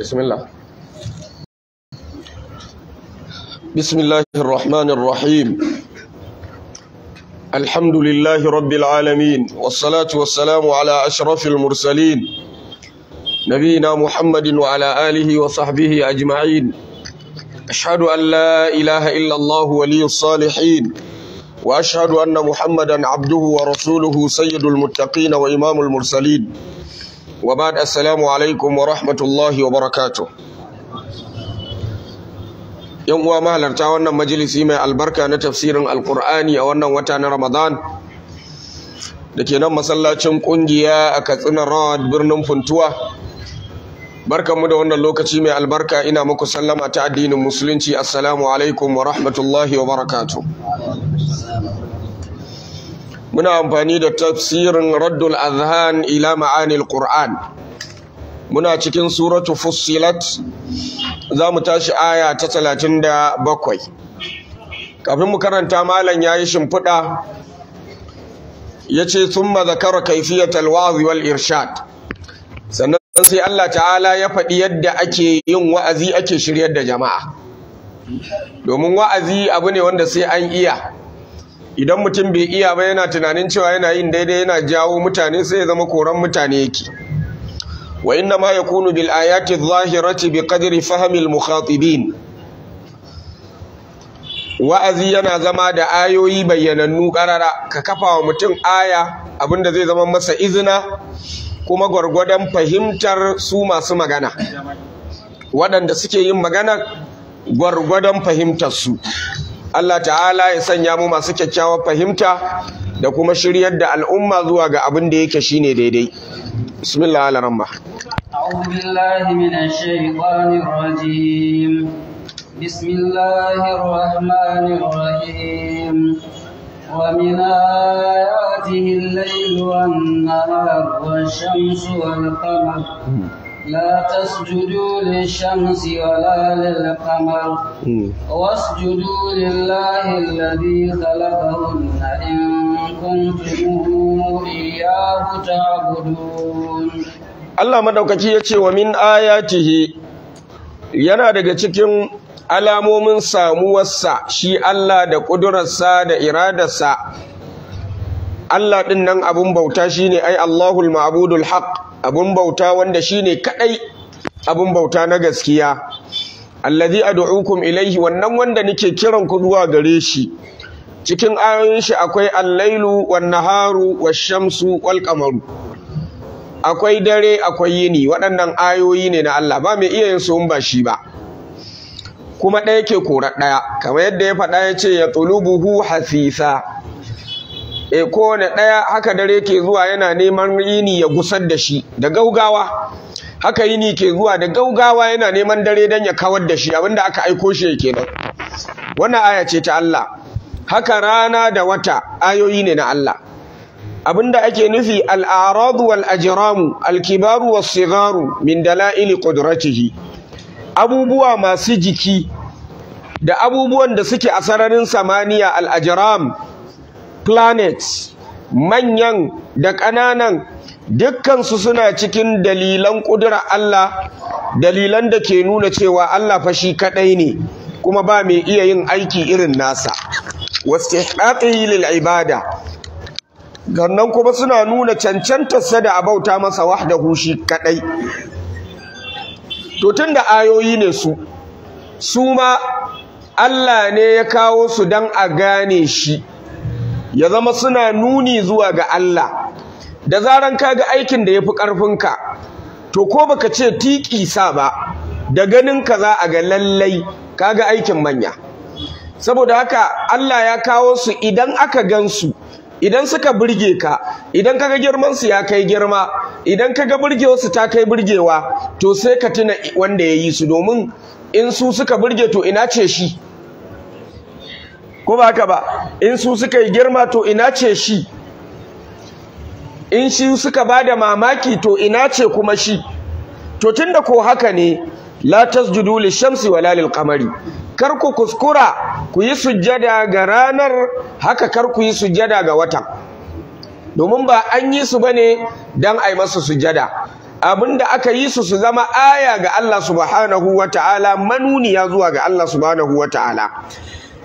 بسم الله بسم الله الرحمن الرحيم الحمد لله رب العالمين والصلاة والسلام على أشرف المرسلين نبينا محمد وعلى آله وصحبه أجمعين أشهد أن لا إله إلا الله ولي الصالحين وأشهد أن محمدا عبده ورسوله سيد المتقين وإمام المرسلين wa ba da assalamu alaikum wa rahmatullahi wa barakatu yan uwa mahalarta wannan majalisi mai albarka na tafsirin alkur'ani a wannan wata na ramadan da ke nan masallacin kungiya a katsina rawad birnin funtuwa barkanmu da wannan lokaci mai albarka ina muku sallama ta addinin musulunci assalamu alaikum wa rahmatullahi wa barakatu muna amfani da tafsirin raddul azhan ila ma'anil qur'an muna cikin suratu fussilat za mu tashi aya ta talatin da bakwai kafin mu karanta malam ya yi shimfiɗa ya ce sun mazakara kaifiyatal wa'azi wal irshad sannan sai Allah ta'ala ya faɗi yadda ake yin wa'azi ake shiryar da jama'a domin wa'azi abu ne wanda sai an iya idan mutum bai iya ba yana tunanin cewa yana yin daidai yana jawo mutane sai ya zama koran mutane yake wa inna ma yakunu bil ayati zahirati bi qadri fahmi al-mukhatibin wa'azi yana zama da ayoyi bayyanannu karara ka kafa wa mutum aya abinda zai zama masa izina kuma gwargwadon fahimtar su masu magana waɗanda suke yin magana gwargwadon fahimtar su Allah ta'ala ya sanya mu masu kyakkyawar fahimta da kuma shiryar da al'umma zuwa ga abin da yake shine daidai bismillah al-rahman أعوذ بالله من الشيطان الرجيم بسم الله الرحمن الرحيم ومن آياته الليل والنهار والشمس والقمر لا تسجدوا للشمس ولا للقمر واسجدوا لله الذي خلقهن إن كنتم إياه تعبدون Allah madaukaki ya ce wa min ayatihi yana daga cikin alamomin samuwarsa shi Allah da ƙudurarsa da iradarsa Allah ɗin nan abin bauta shine ai Allahul ma'budul haqq abun bauta wanda shine kadai abun bauta na gaskiya allazi ad'ukum ilaihi wannan wanda nake kiran ku zuwa gare shi cikin ayoyin shi akwai al-lailu wan-naharu wash-shamsu wal akwai dare akwai yini waɗannan ayoyi ne na Allah ba mai iya yin su ba shi ba kuma ɗaya ke korar ɗaya kamar yadda ya faɗa ya ce ya tsulubuhu hasisa e kowane ɗaya haka dare ke zuwa yana neman yini ya gusar da shi da gaugawa haka yini ke zuwa da gaugawa yana neman dare don ya kawar da shi abinda aka aiko shi ya nan wannan aya ce ta Allah haka rana da wata ayoyi ne na Allah abinda ake nufi al'aradu wal ajramu al-kibaru was sigaru min dalaili qudratihi abubuwa masu jiki da abubuwan da suke a sararin samaniya al-ajram planets manyan da ƙananan dukkansu suna cikin dalilan ƙudura Allah dalilan da ke nuna cewa Allah fa shi kaɗai ne kuma ba mai iya yin aiki irin nasa wastihqaqihi lil ibada gannan kuma suna nuna cancantarsa da abauta masa wahdahu hushi kaɗai to da ayoyi ne su su ma Allah ne ya kawo su dan a gane shi ya zama suna nuni zuwa ga Allah da zaran kaga aikin da ya yafi ƙarfinka to ko baka ce tiki sa ba da ganin ka za a ga lallai kaga aikin manya saboda haka Allah ya kawo su idan aka gansu idan suka burge ka idan kaga girman su ya kai girma idan kaga burgewarsu wasu ta kai burgewa to sai ka tuna wanda ya yi su domin in su suka burge to ina ce shi ko ba haka ba in su suka yi girma to ina ce shi in shi suka ba da mamaki to ina ce kuma shi to tunda ko haka ne la tasjudu lishamsi wala lilqamari kar ku kuskura ku yi sujjada ga ranar haka kar ku yi sujjada ga watan domin ba an yi su bane dan ai masu sujjada da aka yi su su zama aya ga Allah subhanahu wa wataala manuniya zuwa ga Allah subhanahu wa Ta'ala.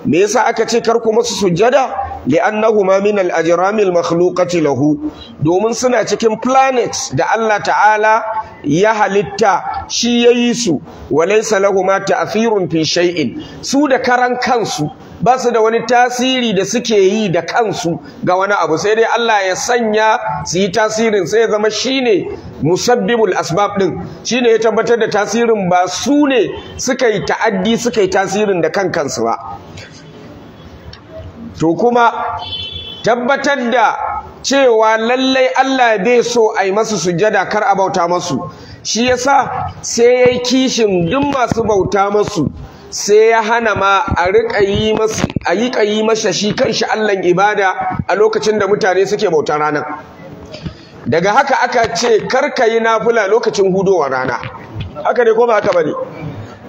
me yasa aka ce kar ku masu sujjada li'annahuma min al al makhluqati lahu domin suna cikin planets da Allah ta'ala ya halitta shi yayi su walaysa lahuma ta'thirun fi shay'in su da karan kansu ba su da wani tasiri da suke yi da kansu ga wani abu sai dai Allah ya sanya su yi tasirin sai ya zama shine musabbibul asbab din shine ya tabbatar da tasirin ba su ne suka yi ta'addi suka yi tasirin da kan kansu ba to kuma tabbatar da cewa lallai Allah bai so a yi masu sujada kar a bauta masu shi yasa sai ya yi kishin duk masu bauta masu sai ya hana ma a riƙa yi masu a yi ƙayi masa shi kanshi Allahn ibada a lokacin da mutane suke bauta ranar daga haka aka ce kar ka yi nafula lokacin hudowar rana haka ne ko ba haka bane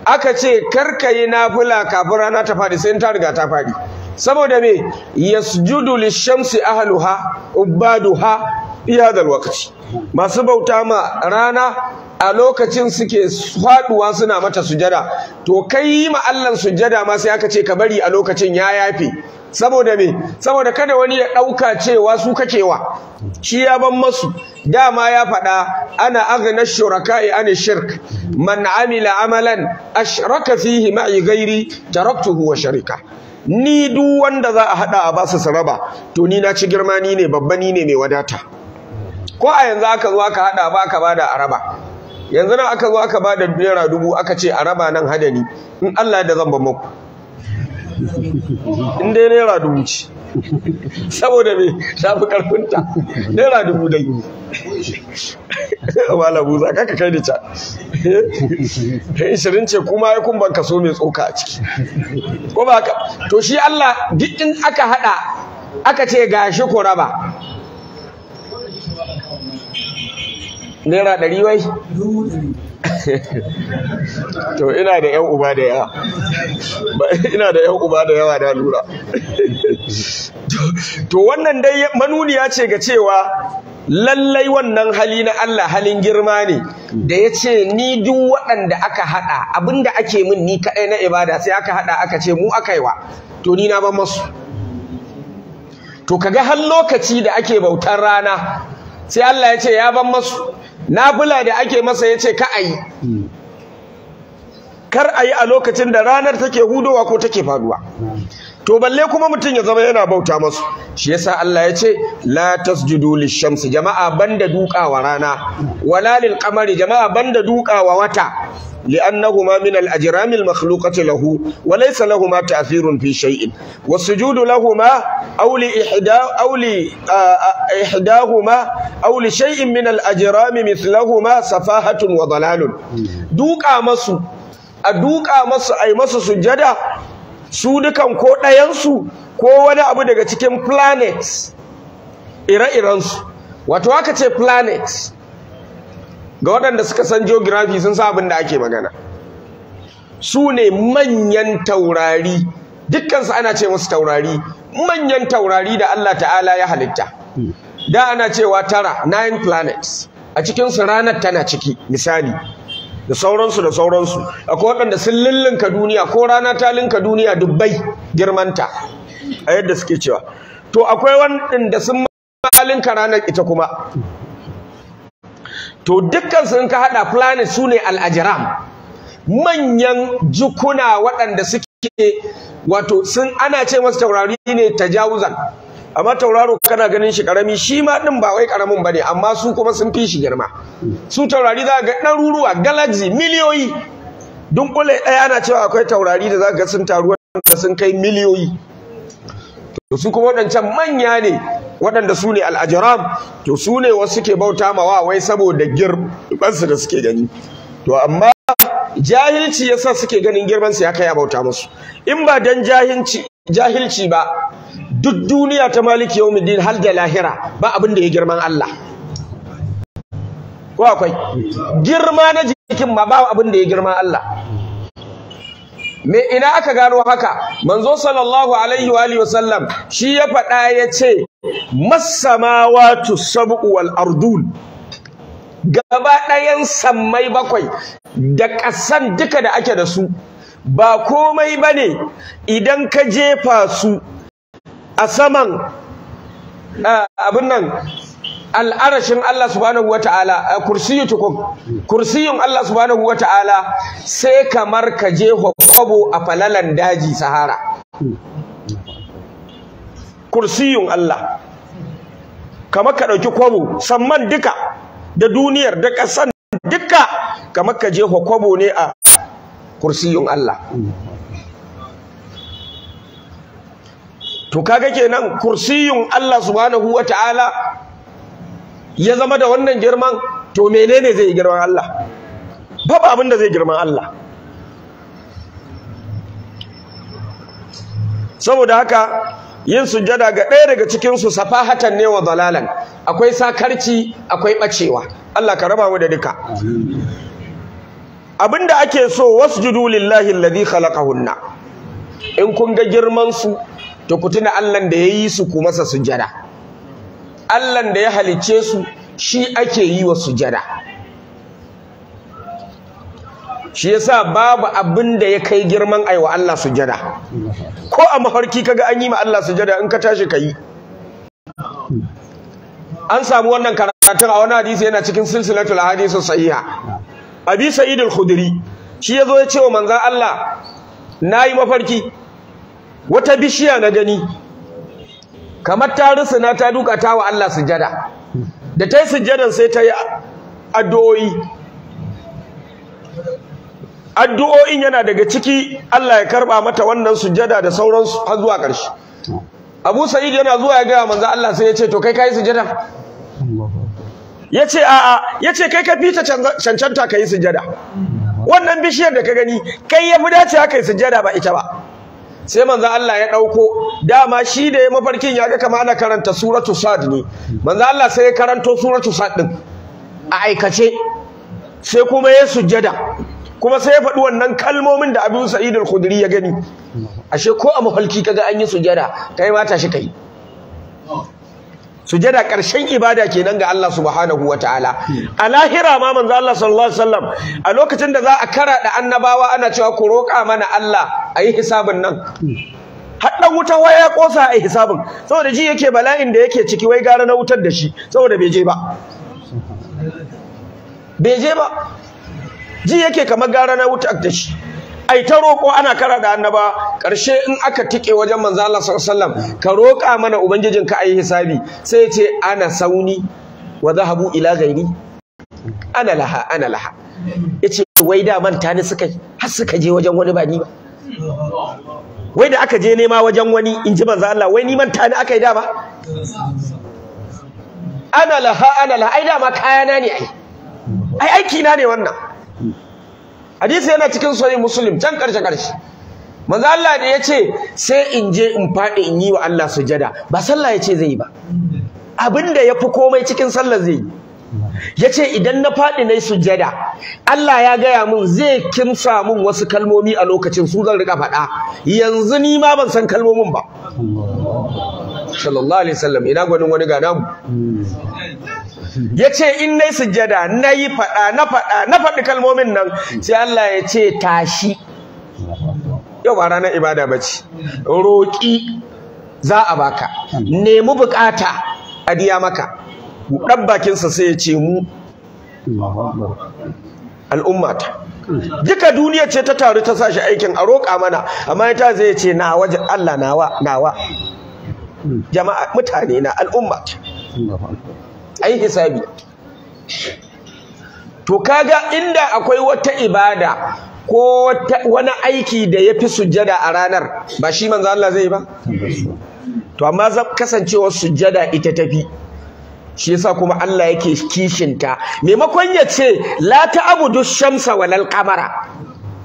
aka ce kar yi nafula kafin rana ta faɗi sai ta riga ta faɗi saboda me yasjudu lishamsi ahluha ubaduha iyadha alwaqti masu bauta ma rana a lokacin suke faduwa suna mata sujada to kai yi ma Allah sujada ma sai aka ce ka bari a lokacin ya yafe saboda me saboda kada wani ya dauka cewa su kakewa shi ya ban masu dama ya faɗa ana aghna shuraka'i an shirk man amila amalan ashraka fihi ma'i ghairi taraktuhu wa sharika ni duk wanda za a hada a basu saraba to ni na ci girma ni ne babba ni ne mai wadata ko a yanzu aka zo aka hada ba ka bada araba yanzu nan aka zo aka bada naira dubu aka ce araba nan hadani in Allah da zan ba muku in dai naira dubu ce saboda me ta fi karfinta naira dubu da yi wala buza kaka kai da ta. ishirin ce kuma ya kun ban kaso mai tsoka a ciki ko ba ka, to shi Allah duk in aka hada aka ce gashi ko raba naira ɗari wai to ina da yan uba da yawa ina da yan uba da yawa da lura to wannan dai manuniya ce ga cewa lallai wannan hali na Allah halin girma ne da ya ce ni duk waɗanda aka haɗa abinda ake min ni kaɗai na ibada sai aka haɗa aka ce mu aka yi wa to ni na ban masu to kaga har lokaci da ake bautar rana sai Allah ya ce ya ban masu Na bula da ake masa yace ka ayi kar a yi a lokacin da ranar take hudowa ko take faduwa to balle kuma mutum ya zama yana bauta masu shi yasa Allah ya ce la tasjudu lishamsi jama'a banda dukawa rana wala lil qamari jama'a banda dukawa wata لأنهما من الأجرام المخلوقة له وليس لهما تأثير في شيء والسجود لهما أو لإحدا أو لإحداهما أو لشيء من الأجرام مثلهما سفاهة وضلال دوكا مسو أدوكا مسو أي مسو سجدة su dukan ko ɗayansu ko wani abu daga cikin planets ire-irensu wato aka ce planets ga waɗanda suka san geography sun sa abin da ake magana su ne manyan taurari dukkansu ana ce musu taurari manyan taurari da Allah ta'ala ya halitta da ana cewa tara nine planets a cikinsu ranar tana ciki misali da sauransu da sauransu akwai waɗanda sun lullunka duniya ko rana ta linka duniya dubbai girmanta a yadda suke cewa to akwai waɗanda sun malinka ranar ita kuma to dukkansu in ka haɗa planet su ne al'ajiram manyan jukuna waɗanda suke wato sun ana ce masu taurari ne tajawuzan amma tauraro kana ganin shi karami shi ma din ba wai karamin ne, amma su kuma sun fi shi girma su taurari za ga ɗaruruwa galaxy miliyoyi dunkule ɗaya ana cewa akwai taurari da za ga sun taruwa da sun kai miliyoyi to su kuma waɗancan manya ne waɗanda su ne al'ajiram to su ne wasu suke bauta ma wa wai saboda girmansu da suke gani to amma jahilci ya sa suke ganin girmansu ya kai a bauta musu in ba don jahilci ba duk duniya ta maliki yawmiddin hal da lahira ba abin da ya girman Allah ko akwai girma na jikin ma ba abin da ya girman Allah me ina aka gano haka manzo sallallahu alaihi wa alihi wasallam shi ya faɗa yace, ce masamawatu sab'u wal ardul gaba ɗayan sammai bakwai da ƙasan duka da ake da su ba komai bane idan ka jefa su a saman abin nan al'arashin Allah subhanahu wa ta'ala kursiyu tukun kursiyun Allah subhanahu wa ta'ala sai kamar ka je kwabo a falalan daji sahara kursiyun Allah kamar ka ɗauki kwabo samman duka da duniyar da ƙasan duka kamar ka je kwabo ne a kursiyun Allah to kaga kenan kursiyun Allah subhanahu wa ta'ala ya zama da wannan girman to menene zai girman Allah babu abin da zai girman Allah saboda haka yin sujada ga ɗaya daga cikin su safahatan ne wa dalalan akwai sakarci akwai bacewa Allah ka raba mu da duka abinda ake so wasjudu lillahi alladhi khalaqahunna in kun ga girman su to kutuna Allah da yayi su ku masa sujjada Allahn da ya halicce su shi ake yi wa sujada shi yasa babu abin da ya kai girman aiwa Allah sujada ko a mafarki kaga an yi ma Allah sujada in ka tashi ka yi an samu wannan karatun a wani hadisi yana cikin silsilatul hadisu sahiha abi sa'id al-khudri shi yazo ya ce wa manzon Allah nayi mafarki wata bishiya na gani kamar ta rusuna ta duka ta wa Allah sujada da ta yi sujadan sai ta yi addu'o'i addu'o'in yana daga ciki Allah ya karba mata wannan sujada da sauransu har zuwa ƙarshe Abu Sa'id yana zuwa ya ga manzo Allah sai ya ce to kai kai sujada ya ce a'a ya kai ka fita cancanta ka yi sujada wannan bishiyar da ka gani kai ya fi dace ka yi sujada ba ita ba sai manzo Allah ya dauko dama shi da ya mafarkin ya ga kama ana karanta suratu sad ne manzo Allah sai ya karanto suratu sad din a aikace sai kuma ya sujjada kuma sai ya faɗi wannan kalmomin da Abu Sa'id al-Khudri ya gani ashe ko a mafarki kaga an yi sujjada kai ma tashi kai sujada ƙarshen ibada kenan ga Allah subhanahu wataala a lahira ma manzo Allah sallallahu alaihi wasallam a lokacin da za a karaɗa annabawa ana cewa ku roƙa mana Allah a yi hisabin nan haɗa wuta waya ƙosa a yi hisabin saboda ji yake bala'in da yake ciki wai gara na wutar da shi saboda bai je ba bai je ba ji yake kamar gara na wutar da shi ai ta roƙo ana kara da annaba ƙarshe in aka tike wajen manzo Allah sallallahu alaihi wasallam ka roƙa mana ubangijin ka ai hisabi sai ya ce ana sauni wa zahabu ila ghairi ana laha ana laha yace wai da manta ni suka har suka je wajen wani ba ni ba wai da aka je nema wajen wani in ji manzo Allah wai ni manta ni aka yi dama ana laha ana laha ai dama kayana ne ai ai aiki na ne wannan hadisi yana cikin sahih muslim can karshe karshe manzo Allah da yace sai in je in fadi in yi wa Allah sujada ba sallah yace zai ba abinda yafi komai cikin sallah zai yi yace idan na fadi nayi sujada Allah ya gaya mun zai kimsa mun wasu kalmomi a lokacin su zan rika faɗa yanzu ni ma ban san kalmomin ba sallallahu alaihi wasallam ina gwanin wani ga namu ya ce in na yi sujjada na yi faɗa na faɗa na faɗi kalmomin nan sai Allah ya ce tashi yau ba ranar ibada ba ce roƙi za a baka nemi bukata a diya maka ɗan bakinsa sai ya ce mu al'ummata duka duniya ce ta taru ta sashi aikin a roƙa mana amma ita zai ce na waje Allah nawa nawa jama'a mutane na al'ummata a yi hisabi to kaga inda akwai wata ibada ko wani aiki da ya fi sujjada a ranar ba shi manzo Allah zai ba to amma kasancewa sujjada ita tafi shi yasa kuma Allah yake kishinta maimakon ya ce la ta'budu shamsa walal qamara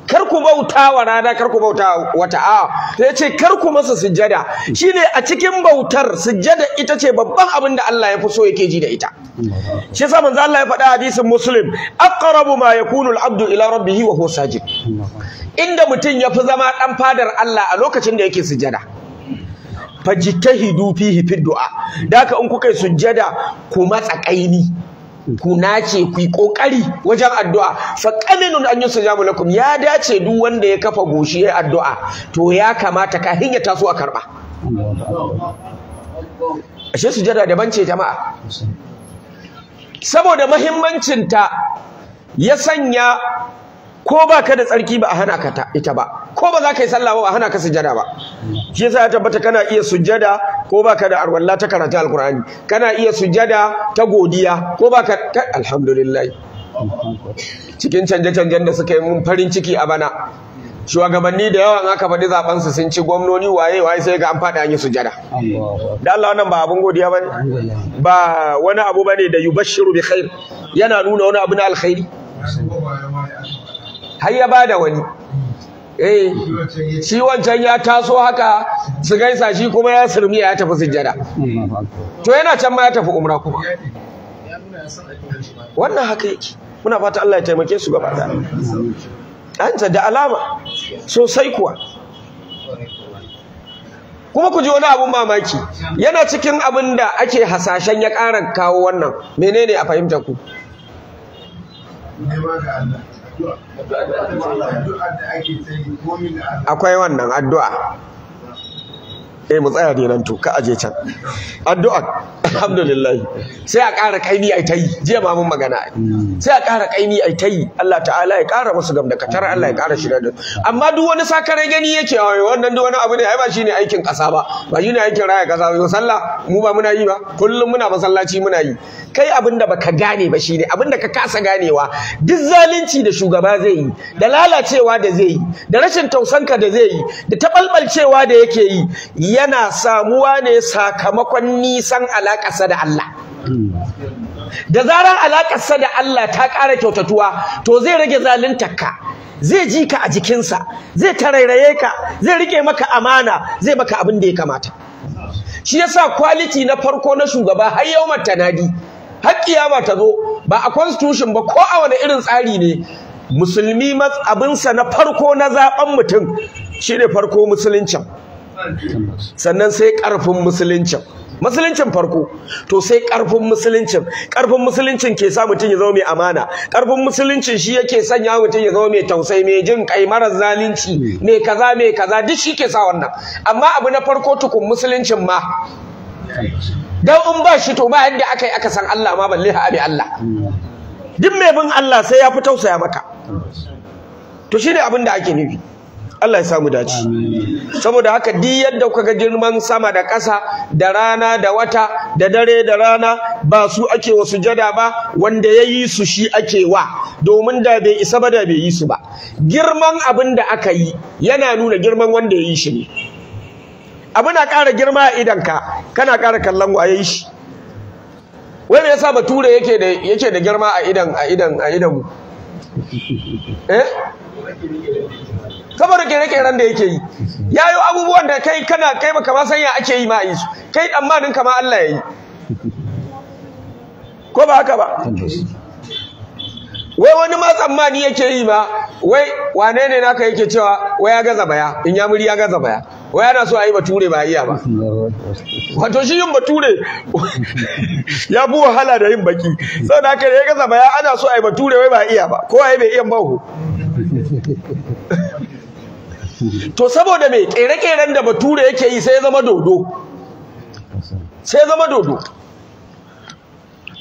kar ku bauta wa rana kar ku bauta wata a to yace kar ku masa sujjada shine a cikin bautar sujjada ita ce babban abin da Allah ya fi so yake ji da ita shi yasa manzo Allah ya faɗa hadisin muslim aqrabu ma yakunu al-abdu ila rabbih wa huwa sajid inda mutum ya fi zama dan fadar Allah a lokacin da yake sujjada fajtahidu fihi fi du'a da haka in kuka yi sujjada ku matsa kaini ku ce ku yi kokari wajen addu'a fa qaminun an yusajabu lakum ya dace duk wanda ya kafa goshi ya addu'a to ya kamata ka hinya taso a karba ashe sujada da ce jama'a saboda muhimmancin ya sanya ko ba ka da tsarki ba a hana ka ta ita ba ko ba za ka yi sallah ba a hana ka sujada ba shi yasa ya tabbata kana iya sujada ko ba ka da arwalla ta karanta alqur'ani kana iya sujada ta godiya ko ba ka alhamdulillah cikin canje-canjen da suka yi mun farin ciki a bana shugabanni da yawa aka faɗi zaben su sun ci gwamnoni waye waye sai ga an faɗi an yi sujada da Allah wannan ba abun godiya bane ba wani abu bane da yubashiru bi khair yana nuna wani abu na alkhairi har ya bada wani eh shi wancan ya taso haka su gaisa shi kuma ya surmi ya tafi sujjada to yana can ma ya tafi umra kuma wannan haka yake muna fata Allah ya taimake su gaba da anta da alama sosai kuwa kuma ku ji wani abun mamaki yana cikin abin da ake hasashen ya ƙara kawo wannan menene a fahimtar ku akwai wannan addu'a eh mu tsaya ne nan to ka aje can addu'a alhamdulillah sai a ƙara kaimi ai ta jiya ma mun magana sai a ƙara kaimi ai ta Allah ta'ala ya ƙara musu gam da katar Allah ya ƙara shi da amma duk wani sakare gani yake wannan duk wani abu ne ai ba shine aikin ƙasa ba ba shine aikin raya ƙasa ba sallah mu ba muna yi ba kullum muna masallaci muna yi kai abin da baka gane ba shine abin da ka kasa ganewa duk zalunci da shugaba zai yi da lalacewa da zai yi da rashin tausanka da zai yi da tabalbalcewa da yake yi yana samuwa ne sakamakon nisan alaƙa alaƙarsa da Allah hmm. da zarar alaƙarsa da Allah ta ƙara kyautatuwa to zai rage zaluntarka zai ji ka a jikinsa zai tarairaye ka zai riƙe maka amana zai maka abin da ya kamata shi yasa quality na farko na shugaba har yau tanadi har kiyama ta zo ba a constitution ba ko a wani irin tsari ne musulmi abinsa na farko na zaben mutum shi ne farko musuluncin sannan sai ƙarfin musuluncin musuluncin farko to sai karfin musuluncin karfin musuluncin ke sa mutum ya zama mai amana karfin musuluncin shi yake sanya mutum ya zama mai tausayi mai jin kai marar zalunci mai kaza mai kaza duk shi ke sa wannan amma abu na farko tukun musuluncin ma dan in ba shi to ba yadda aka yi aka san Allah ma balle ha abi Allah duk mai bin Allah sai ya fi tausaya maka to shine abin da ake nufi Allah ya samu dace saboda haka di yadda kuka ga girman sama da ƙasa da rana da wata da dare da rana ba su ake wa sujada ba wanda ya yi su shi ake wa domin da bai isa ba da bai yi su ba girman abin da aka yi yana nuna girman wanda ya yi shi ne abu na ƙara girma a ka, kana ƙara kallon waye shi wai me yasa bature yake da yake da girma a idan a idan a idan eh saboda kere-keren da yake yi ya yi abubuwan da kai kana kai baka ma sanya ake yi ma a yi su kai tsammanin kama Allah ya yi ko ba haka ba wai wani ma tsammani yake yi ma wai wane ne naka yake cewa wai ya gaza baya in ya muri ya gaza baya wai ana so a yi bature ba iya ba wato shi yin bature ya fi wahala da yin baki sai haka da ya gaza baya ana so a yi bature wai ba iya ba ko a bai iya ba to saboda me kere-keren da bature yake yi sai zama dodo sai zama dodo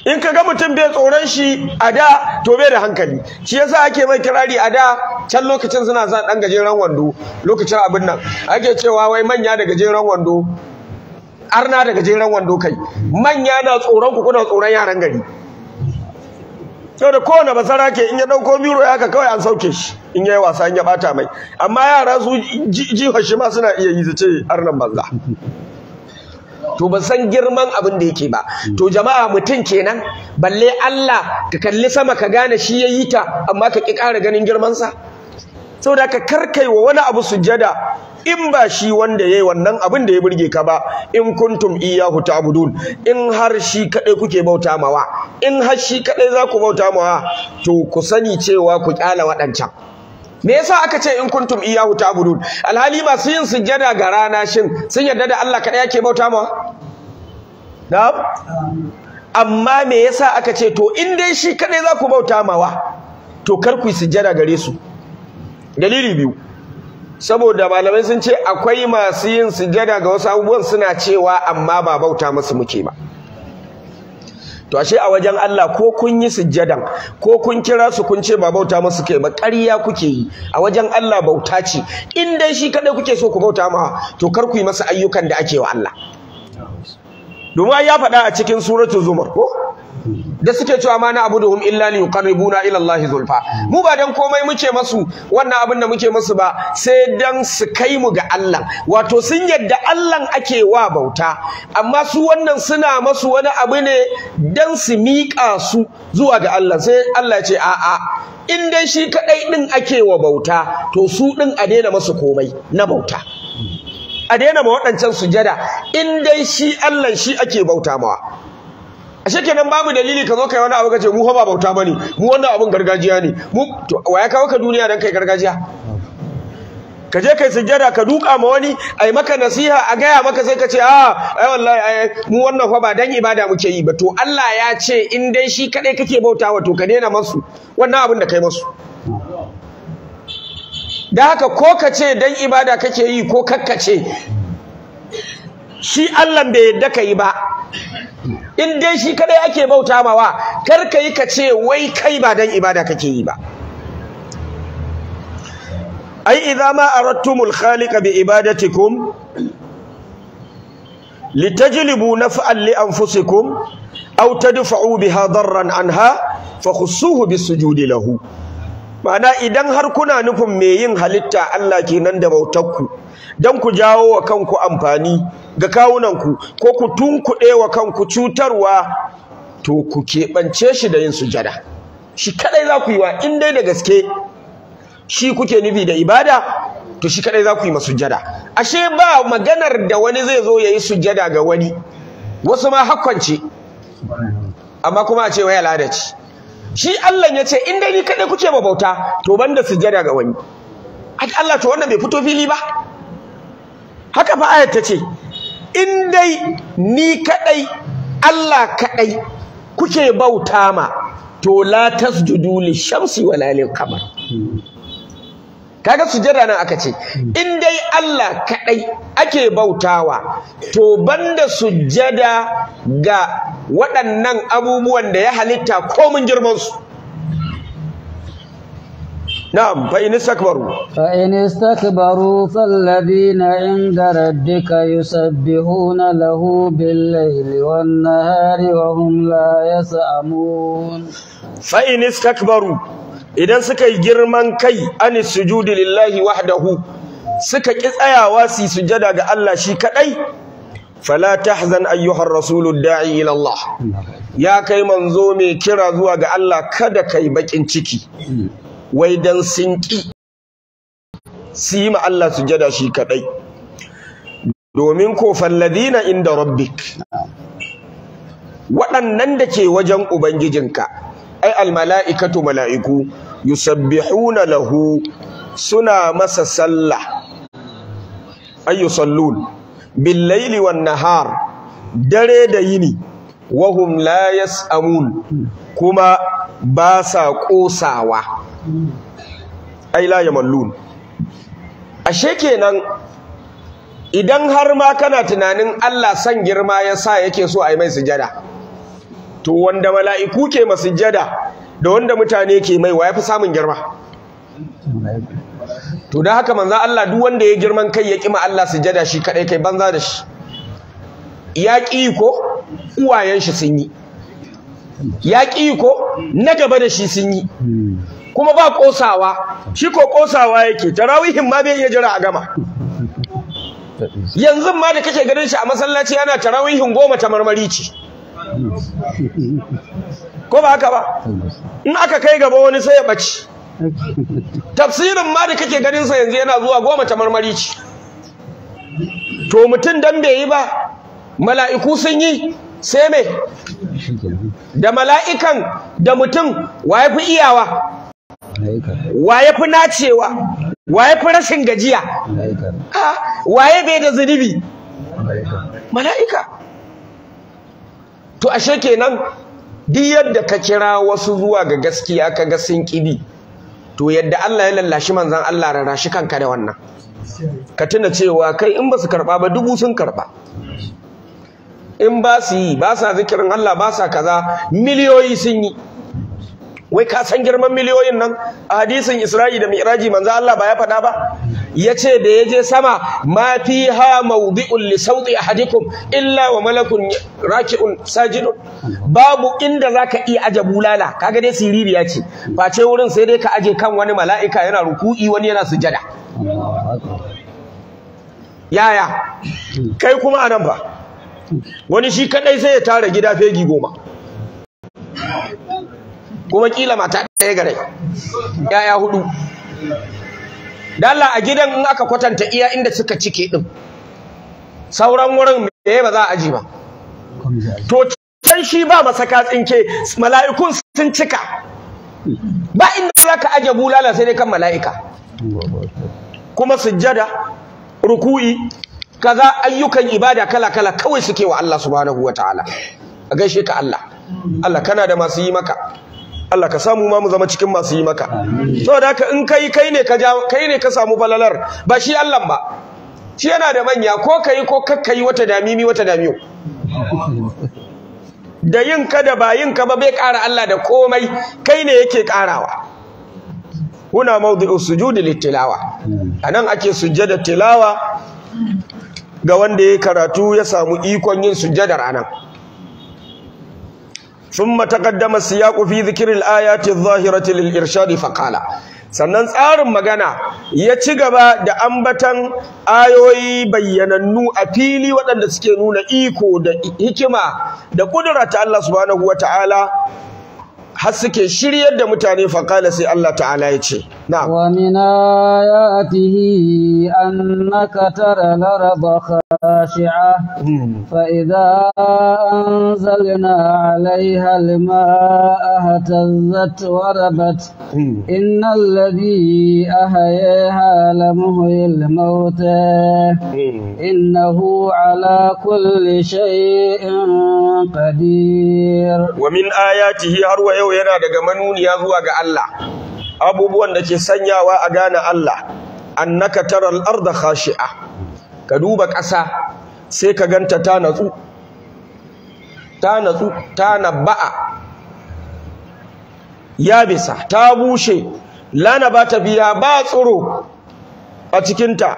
in ka ga mutum bai tsoron shi a da to bai da hankali shi yasa ake mai kirari a da can lokacin suna sa dan gajeren wando lokacin abin nan ake cewa wai manya da gajeren wando arna da gajeren wando kai manya na tsoron ku kuna tsoron yaran gari Yau da kowane basara ke in ya ɗauko miro ya ka kawai an sauke shi in ya yi wasa in ya ɓata mai amma yara su jiha shi ma suna iya yi zace arnan banza to ban san girman abin da yake ba to jama'a mutum kenan balle Allah ka kalli sama ka gane shi ya yi ta amma ka ƙi ƙara ganin girmansa? Sau saboda ka karkai wa wani abu sujada. in ba shi wanda yayi wannan abin da ya burge ka ba in kuntum iyyahu ta'budun in har shi kadai kuke bauta mawa in har shi kadai za ku bauta mawa to ku sani cewa ku kyala waɗancan me yasa aka ce in kuntum iyyahu ta'budun alhali masu yin sujjada ga rana shin sun yarda da Allah kadai yake bauta mawa na'am amma me yasa aka ce to in dai shi kadai za ku bauta mawa to kar ku yi sujjada gare su dalili biyu saboda malamai sun ce akwai masu yin sujada ga wasu abubuwan suna cewa amma ba bauta musu muke ba to ashe a wajen Allah ko kun yi sujadan, ko kun kira su kun ce ba bauta musu kai ba ƙarya kuke yi a wajen Allah bauta ce in dai shi kadai kuke so ku bauta ma to kar ku yi masa ayyukan da ake wa Allah domin ya faɗa a cikin suratu zumar ko da suke cewa ma na abuduhum illa li yuqarribuna ila Allah zulfa mu ba dan komai muke masu wannan abin da muke masu ba sai dan su kai mu ga Allah wato sun yadda Allah ake wa bauta amma su wannan suna masu wani abu ne dan su miƙa su zuwa ga Allah sai Allah ya ce a'a in dai shi kadai din ake wa bauta to su din a daina masu komai na bauta a daina ma waɗancan sujada in dai shi Allah shi ake bauta mawa ashe kenan babu dalili ka zo kai wani abu ka ce mu fa ba bauta bane mu wannan abun gargajiya ne mu wa ya kawo ka duniya dan kai gargajiya ka je kai sujjada ka duka ma wani ai maka nasiha a gaya maka sai ka ce a ah, ai wallahi ai mu wannan fa ba dan ibada muke yi ba to Allah ya ce in dai shi kadai kake wa to ka daina masu wannan abin da kai masu da haka ko ka ce dan ibada kake yi ko kakkace shi Allah bai yadda ka yi ba in dai shi kadai ake bauta mawa kar ka yi ka ce wai kai ba dan ibada kake yi ba ai idza ma aradtumul khaliqa bi ibadatikum litajlibu naf'an li anfusikum aw tadfa'u biha darran anha fakhussuhu bisujudi lahu ma'ana idan har kuna nufin mai yin halitta Allah ke nan da bautarku don ku jawo wa kanku amfani ga kawunanku ko ku tunkuɗe wa kanku cutarwa to ku keɓance shi da yin sujada shi kaɗai za ku yi wa in dai da gaske shi kuke nufi da ibada to shi kaɗai za ku yi masujada ashe ba maganar da wani zai zo ya yi sujada ga wani wasu ma hakkwance amma kuma a ce waya ladaci shi Allah ya ce in dai ni kadai kuke ba bauta to banda sujjada ga wani Allah to wannan bai fito fili ba haka fa ayat ta ce in dai ni kadai Allah kadai kuke bauta ma to la tasjudu lishamsi wala lilqamar kaga sujada nan aka ce hmm. in dai Allah kadai ake bautawa to banda sujada ga waɗannan abubuwan da ya halitta ko mun girman su na'am fa in istakbaru fa in istakbaru fal ladina inda rabbika yusabbihuna lahu bil layli wan nahari wa hum la yas'amun fa in istakbaru idan suka yi girman kai ani sujudi lillahi wahdahu suka ki tsayawa su sujada ga Allah shi kadai fala tahzan ayyuhar rasulud da'i ila Allah ya kai manzo mai kira zuwa ga Allah kada kai bakin ciki wai dan sun ki su yi ma Allah sujada shi kadai domin ko falladina inda rabbik waɗannan da ke wajen ubangijinka ai almala'ikatu mala'iku yusabbihuna lahu suna masa sallah ay yusallun bil laili wan nahar dare da yini wahum la yas'amun kuma ba sa kosawa ai la yamallun ashe kenan idan har ma kana tunanin Allah san girma yasa yake so a mai sujada to wanda mala'iku ke masujjada da wanda mutane ke mai wa yafi samun girma to dan haka manzo Allah duk wanda ya girman kai ya kima Allah sujjada shi kadai kai banza da shi ya ki ko uwayen shi sun yi ya ki ko na gaba da shi sun yi kuma ba kosawa shi ko ƙosawa yake tarawihin ma bai iya jira a gama yanzu ma da kake ganin shi a masallaci yana tarawihin goma ta marmari ce ko ba haka ba in aka kai gaba wani sai ya ɓaci tafsirin ma da kake ganin sa yanzu yana zuwa goma ta marmari ce to mutum dan bai yi ba mala'iku sun yi sai me da mala'ikan da mutum waye fi iyawa waye fi nacewa waye fi rashin gajiya ah, waye bai da zunubi mala'ika to ashe kenan duk yadda ka kira wasu zuwa ga gaskiya ka ga sun kibi to yadda Allah ya lallashi manzon Allah rarashi kanka da wannan ka tuna cewa kai in ba su karba ba dubu sun karba in ba su yi ba sa zikirin Allah ba sa kaza miliyoyi sun yi wai ka san girman miliyoyin nan a hadisin Isra'i da Mi'raji manzo Allah ba ya faɗa ba yace da yaje sama ma fiha mawdi'un li sawti ahadikum illa wa malakun raki'un sajidun babu inda zaka iya aje bulala kaga dai siriri ya ce face wurin sai dai ka aje kan wani mala'ika yana ruku'i wani yana sujada yaya kai kuma anan ba wani shi kadai sai ya tara gida fegi goma kuma kila mata ɗaya gare yaya hudu Dala a gidan in aka kwatanta iya inda suka cike ɗin. sauran wurin me ba za a aji ba to can shi ba masaka tsinke mala'ikun sun cika ba inda za ka aje bulala sai dai kan mala'ika kuma sujjada ruku'i kaza ayyukan ibada kala-kala kawai suke wa Allah subhanahu wa ta'ala a gaishe ka Allah Allah kana da masu yi maka Allah ka samu ma mu zama cikin masu yi maka saboda haka in kai kai ne ka kai ne ka samu balalar ba shi Allah ba shi yana da manya ko kai ko kakkai wata damimi wata damiyo da yin ka da bayin ka ba bai ƙara Allah da komai kai ne yake ƙarawa huna mawdi'u sujudi litilawa anan ake sujjada tilawa ga wanda ya karatu ya samu ikon yin sujjadar anan ثم تقدم السياق في ذكر الآيات الظاهرة للإرشاد فقال sannan tsarin magana ya ci gaba da ambatan ayoyi bayyanannu a fili waɗanda suke nuna iko da hikima da ƙudura ta Allah subhanahu ta'ala, har suke shiryar da mutane faqala sai Allah ta'ala ya ce نعم ومن آياته أنك ترى الأرض خاشعة فإذا أنزلنا عليها الماء اهتزت وربت إن الذي أحياها لمهي الموتى إنه على كل شيء قدير ومن آياته أروى يوم ينادى منون يزوى الله abubuwan da ke sanyawa a gane Allah annaka taral arda khashi'a ka duba ƙasa sai ka ganta ta natsu ta natsu ta naba'a ya bisa ta bushe lana ba ta biya ba tsoro a cikinta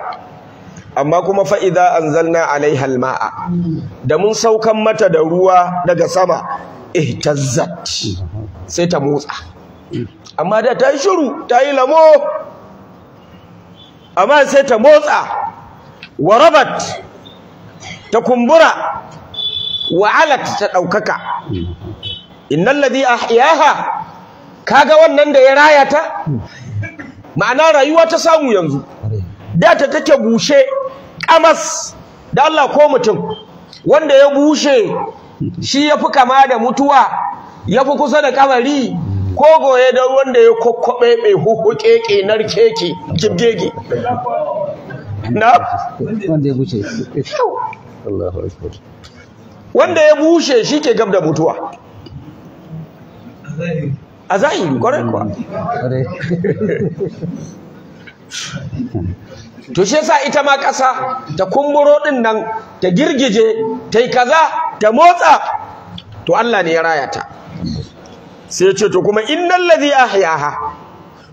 amma kuma fa'ida an zalna alai ma'a da mun saukan mata da ruwa daga sama ihtazzat sai ta motsa amma da ta yi shuru ta yi lamo amma sai ta motsa wa rabat ta kumbura wa alat ta ɗaukaka innal ladhi ahyaha kaga wannan da ya raya ta ma'ana rayuwa ta samu yanzu da ta take bushe kamas da Allah ko mutum wanda ya bushe shi yafi kama da mutuwa yafi kusa da kabari Kogo ya da wanda ya kokkobe mai huhukeke narkeke jibgege na wanda ya bushe Allahu akbar wanda ya bushe shi ke gab da mutuwa a zahiri kwarai kuwa to shi yasa ita ma ƙasa ta kumburo ɗin nan ta girgije ta yi kaza ta motsa to Allah ne ya raya ta sai ya ce to kuma innal ladhi ahyaha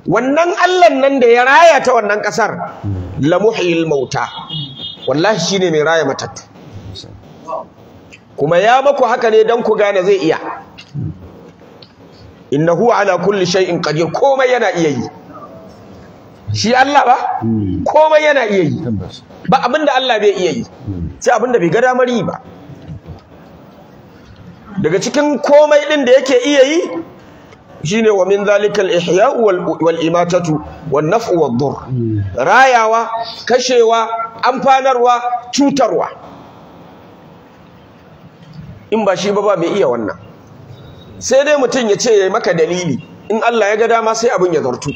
wannan Allah nan da ya raya ta wannan kasar la muhyil mauta wallahi shine mai raya matattu kuma ya maku haka ne dan ku gane zai iya innahu ala kulli shay'in qadir komai yana iya yi shi Allah ba hmm. komai yana iya yi ba abinda Allah bai iya yi hmm. sai abinda bai ga damar yi ba daga cikin komai ɗin da yake iya yi shi ne wa min zalikal ihya wal imatatu wan naf'u dur rayawa kashewa amfanarwa cutarwa in ba shi ba ba mai iya wannan sai dai mutum ya ce ya yi maka dalili in Allah ya ga dama sai abin ya zartu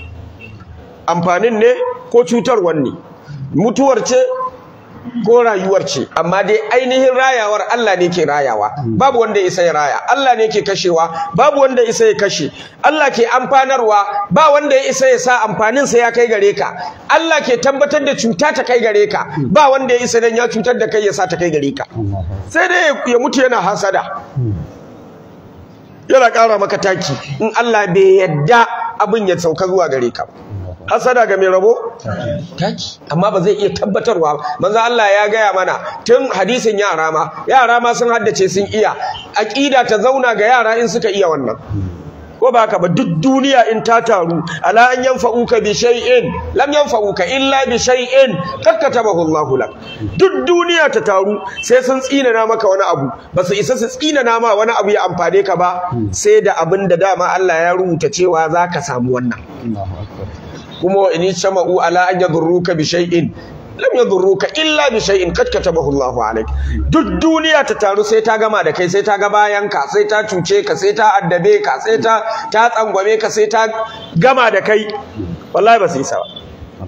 amfanin ne ko cutarwan ne mutuwar ce ko rayuwar ce amma dai ainihin rayawar Allah ne ke rayawa babu wanda isa ya raya Allah ne ke kashewa babu wanda isa ya kashe Allah ke amfanarwa ba wanda ya isa ya sa amfanin sa ya kai gare ka Allah ke tabbatar da cuta ta kai gare ka ba wanda ya isa dan ya cutar da kai ya sa ta kai gare ka sai dai ya mutu yana hasada yana ƙara maka taki in Allah bai yadda abin ya sauka zuwa gare ka hasada ga mai rabo taki amma ba zai iya tabbatarwa manzo Allah ya gaya mana tun hadisin yara ma yara ma sun haddace sun iya aqida ta zauna ga yara in suka iya wannan ko ba ka ba duk duniya in ta taru ala an yanfa'uka bi shay'in lam yanfa'uka illa bi shay'in kakkatabahu Allah lak duk duniya ta taru sai sun tsina na maka wani abu ba su isa su tsina ma wani abu ya amfane ka ba sai da abin da dama Allah ya rubuta cewa zaka samu wannan Allahu akbar kuma wa in shama'u ala an yadurruka bi shay'in lam yadurruka illa bi shay'in kad katabahu Allahu alaik duk duniya ta taru sai ta gama da kai sai ta ga bayan ka sai ta cuce ka sai ta addabe ka sai ta ta tsangwame ka sai ta gama da kai wallahi ba su yi sawa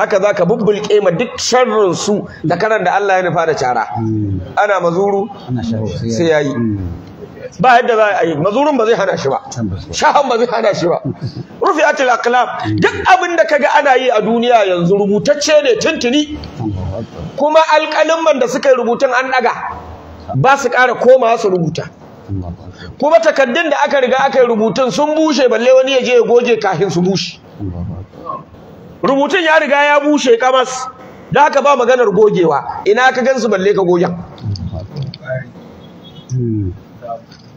haka za ka bubbulke ma duk sharrin su da karan da Allah ya nufa da cara ana mazuru sai yayi ba yadda za a yi mazurin ba zai hana shi ba shahan ba zai hana shi ba atil aqlam duk abin da kaga ana yi a duniya yanzu rubutacce ne tuntuni kuma alƙalimman da suka yi rubutun an daga ba su ƙara komawa su rubuta kuma takaddun da aka riga aka yi rubutun sun bushe balle wani ya je ya goje kafin su bushe rubutun ya riga ya bushe kamas da haka ba maganar gogewa ina ka gansu balle ka gogen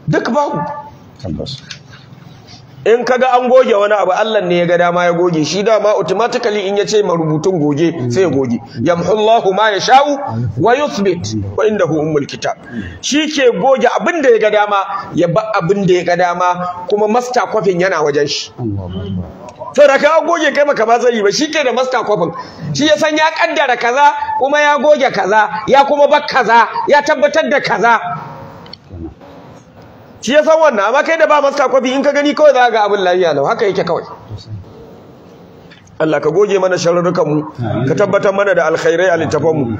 duk babu in kaga an goge wani abu Allah ne ya ga dama ya goge shi dama automatically in ya ma marubutun goge sai ya goge yamhullahu ma sha'u wa yuthbit wa indahu ummul kitab ke goge abin da ya ga dama ya ba abin da ya ga dama kuma master kwafin yana wajen shi saboda ka goge kai maka ba zai ba shi ke da master kwafin shi ya san ya kaddara kaza kuma ya goge kaza ya kuma ba kaza ya tabbatar da kaza shi ya san wannan amma kai da ba maska kwafi in ka gani kawai za ga abin lafiya lau haka yake kawai Allah ka goge mana sharurrukan ka tabbatar mana da alkhairai a littafan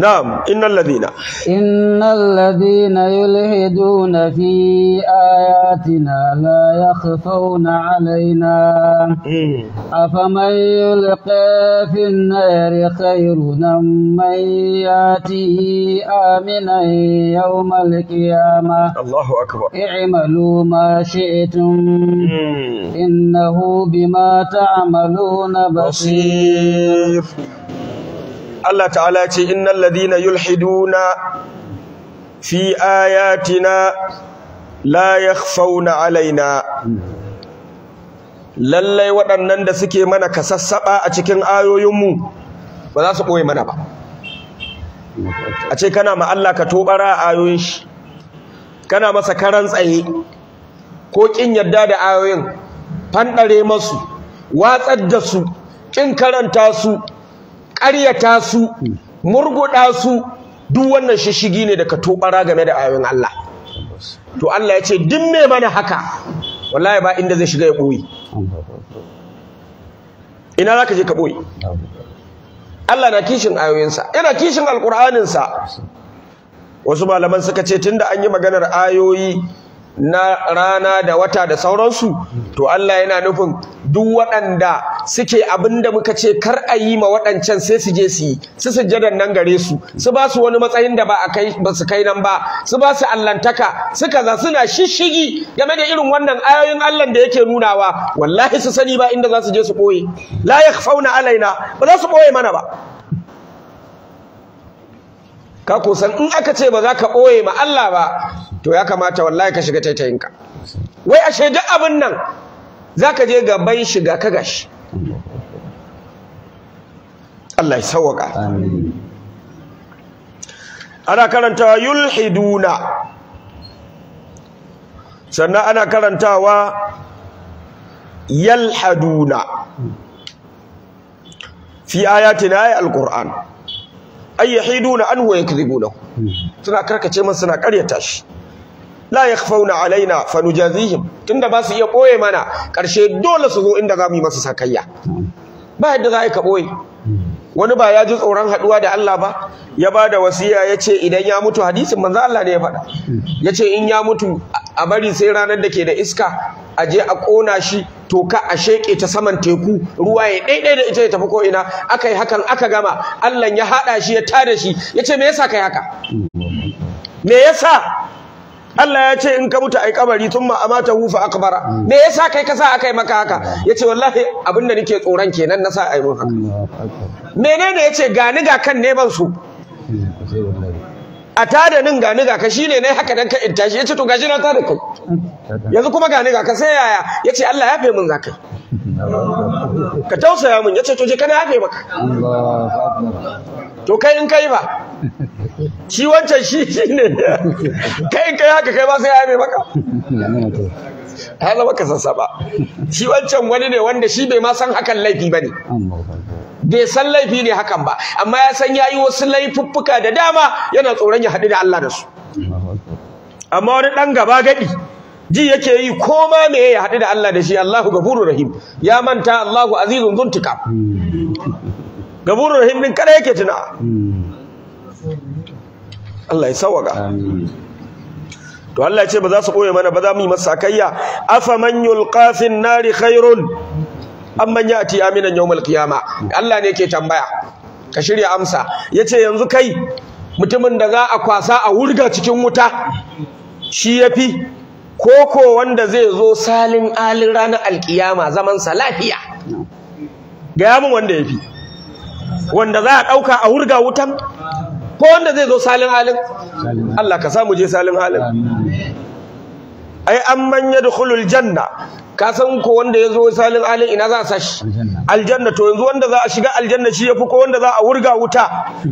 نعم إن الذين إن الذين يلهدون في آياتنا لا يخفون علينا أفمن يلقى في النار خير من يأتي آمنا يوم القيامة الله أكبر اعملوا ما شئتم إنه بما تعملون بصير Allah ta'ala ce innal ladina yulhiduna fi ayatina la yakhfauna alaina lallai waɗannan da suke mana kasassaɓa a cikin ayoyinmu ba za su ɓoye mana ba a ce kana ma Allah ka tobara a ayoyin shi kana masa karan tsaye ko ƙin yarda da ayoyin fanɗare masu watsar da su ƙin karanta su ƙaryata su murguɗa su duk wannan shishigi ne daga tobara game da ayoyin Allah to Allah ya ce duk mai mana haka wallahi ba inda zai shiga ya ɓoye ina za ka je ka ɓoye Allah na kishin ayoyinsa yana kishin alƙur'aninsa wasu malaman suka ce tunda an yi maganar ayoyi na rana da wata da sauransu to Allah yana nufin duk waɗanda suke abin da muka ce kar a yi ma waɗancan sai su je su yi su sujjadan nan gare su su ba su wani matsayin da ba a kai ba su kai nan ba su ba su allantaka su kaza suna shishigi game da irin wannan ayoyin Allah da yake nunawa wallahi su sani ba inda za su je su koye la yakhfauna alaina ba za su koye mana ba ka ko in aka ce ba za ka ɓoye ma Allah ba to ya kamata wallahi ka shiga taitayinka wai ashe duk abin nan za ka je gaban shiga ka gashi Allah ya sauwaka ana karantawa yulhiduna sannan ana karantawa yalhaduna fi ayatina ay alquran ay yahiduna anhu wa yakdhibuna suna karkace mun suna karyata shi la yakhfauna alaina fanujazihim tunda ba su iya koye mana karshe dole su zo inda zamu yi masa sakayya ba yadda za a ka boye wani ba ya ji tsoron haduwa da Allah ba ya ba da wasiya ya ce idan ya mutu hadisin manzo Allah ne ya faɗa ya ce in ya mutu a bari sai ranar da ke da iska a je a ƙona shi toka a sheƙe ta saman teku ruwa ya ɗaiɗai da ita ya tafi ko'ina aka yi hakan aka gama Allah ya haɗa shi ya tada shi ya ce me yasa kai haka me yasa Allah ya ce in ka mutu ai kabari tun ma amata hufa akbara me yasa kai kasa sa aka yi maka haka ya ce wallahi abinda nake tsoron kenan na sa ai mun haka menene yace ce ni ga kan neman su a tada nin ga ga ka shine nayi haka dan ka in tashi yace to gashi na tada kai yanzu kuma gani ga ka sai yaya yace Allah ya fe min zakai ka tausaya mun yace to je kana yafe maka to kai in kai ba shi wancan shi shine kai in kai haka kai ba sai yafe maka Hala baka ka sassaba shi wancan wani ne wanda shi bai ma san hakan laifi bane bai san laifi ne hakan ba amma ya san yayi wasu laifuffuka da dama yana tsoron ya haɗu da Allah da su amma wani ɗan gaba gadi ji yake yi koma me ya haɗu da Allah da shi Allahu gafurur rahim ya manta Allahu azizun zuntika gafurur rahim din kada yake tuna Allah ya sawaka to Allah ya ce ba za su koye mana ba za mu yi masa kayya afaman yulqa fin nari khairun amman yati aminan yawmal qiyama Allah ne ke tambaya ka shirya amsa yace yanzu kai mutumin da za a kwasa a wurga cikin wuta shi yafi koko wanda zai zo salin alin ranar alkiyama zaman sa lafiya ga mun wanda yafi wanda za a dauka a wurga wutan ko wanda zai zo salin alin. Allah ka samu je salin alin ai amman yadkhulul janna Kasan san ko wanda ya zo salin alin ina za a sashi aljanna to yanzu wanda za a shiga aljanna shi yafi ko wanda za a wurga wuta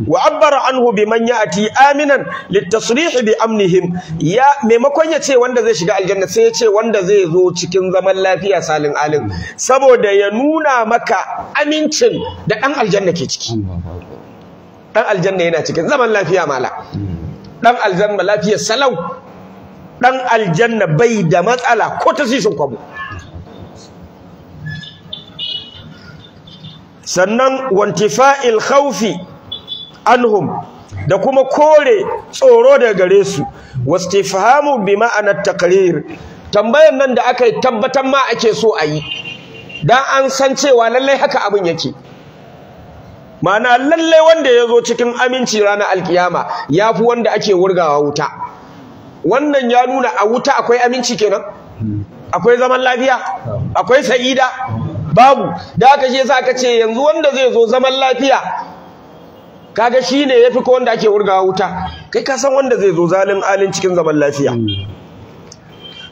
wa abbara anhu man ya'ti aminan litasrih bi amnihim ya maimakon ya ce wanda zai shiga aljanna sai ya ce wanda zai zo cikin zaman lafiya salin alin saboda ya nuna maka amincin da dan aljanna ke ciki dan aljanna yana cikin zaman lafiya mala dan aljanna lafiya salau dan aljanna bai da matsala ko ta sisin kwabo sannan wantifa'il khawfi anhum da kuma kore tsoro da gare su wastifhamu bi ma'anar taqrir tambayan nan da aka yi tabbatar ma ake so a yi dan an san cewa lallai haka abin yake ma'ana lallai wanda ya zo cikin aminci ranar alkiyama ya fi wanda ake wurgawa wuta wannan ya nuna a wuta akwai aminci kenan akwai zaman lafiya akwai sa'ida babu da haka shi yasa ka ce yanzu wanda zai zo zaman lafiya kaga shine yafi ko wanda ake wurgawa wuta kai ka san wanda zai zo zalin alin cikin zaman lafiya hmm.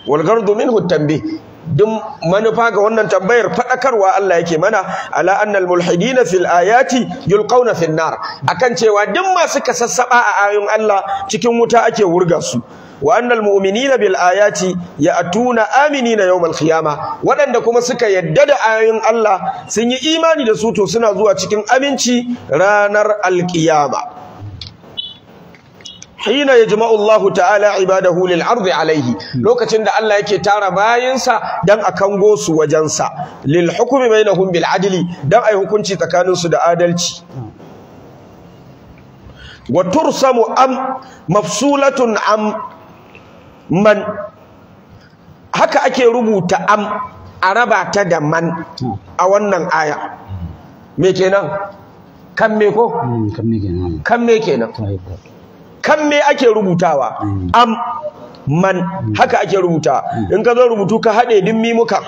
wal gardu minhu tanbih duk manufa ga wannan tambayar faɗakarwa Allah yake mana ala annal mulhidina fil ayati yulqawna fil nar akan cewa duk masu kasassaba a ayoyin Allah cikin wuta ake wurga su wa annal mu'minina bil ayati ya'tuna aminina yawmal qiyama wadanda kuma suka yadda da ayoyin Allah sun yi imani da su to suna zuwa cikin aminci ranar alqiyama hina yajma'u Allah ta'ala ibadahu lil ardi alayhi lokacin da Allah yake tara bayinsa dan akan gosu wajensa lil hukmi bainahum bil adli dan ai hukunci tsakaninsu da adalci wa tursamu am mafsulatun am man haka ake rubuta am a raba ta da man a wannan aya me kenan kan me ko mm, kan me kenan kan me ake rubutawa mm. am man mm. haka ake rubuta in ka zo rubutu ka haɗe din mimuka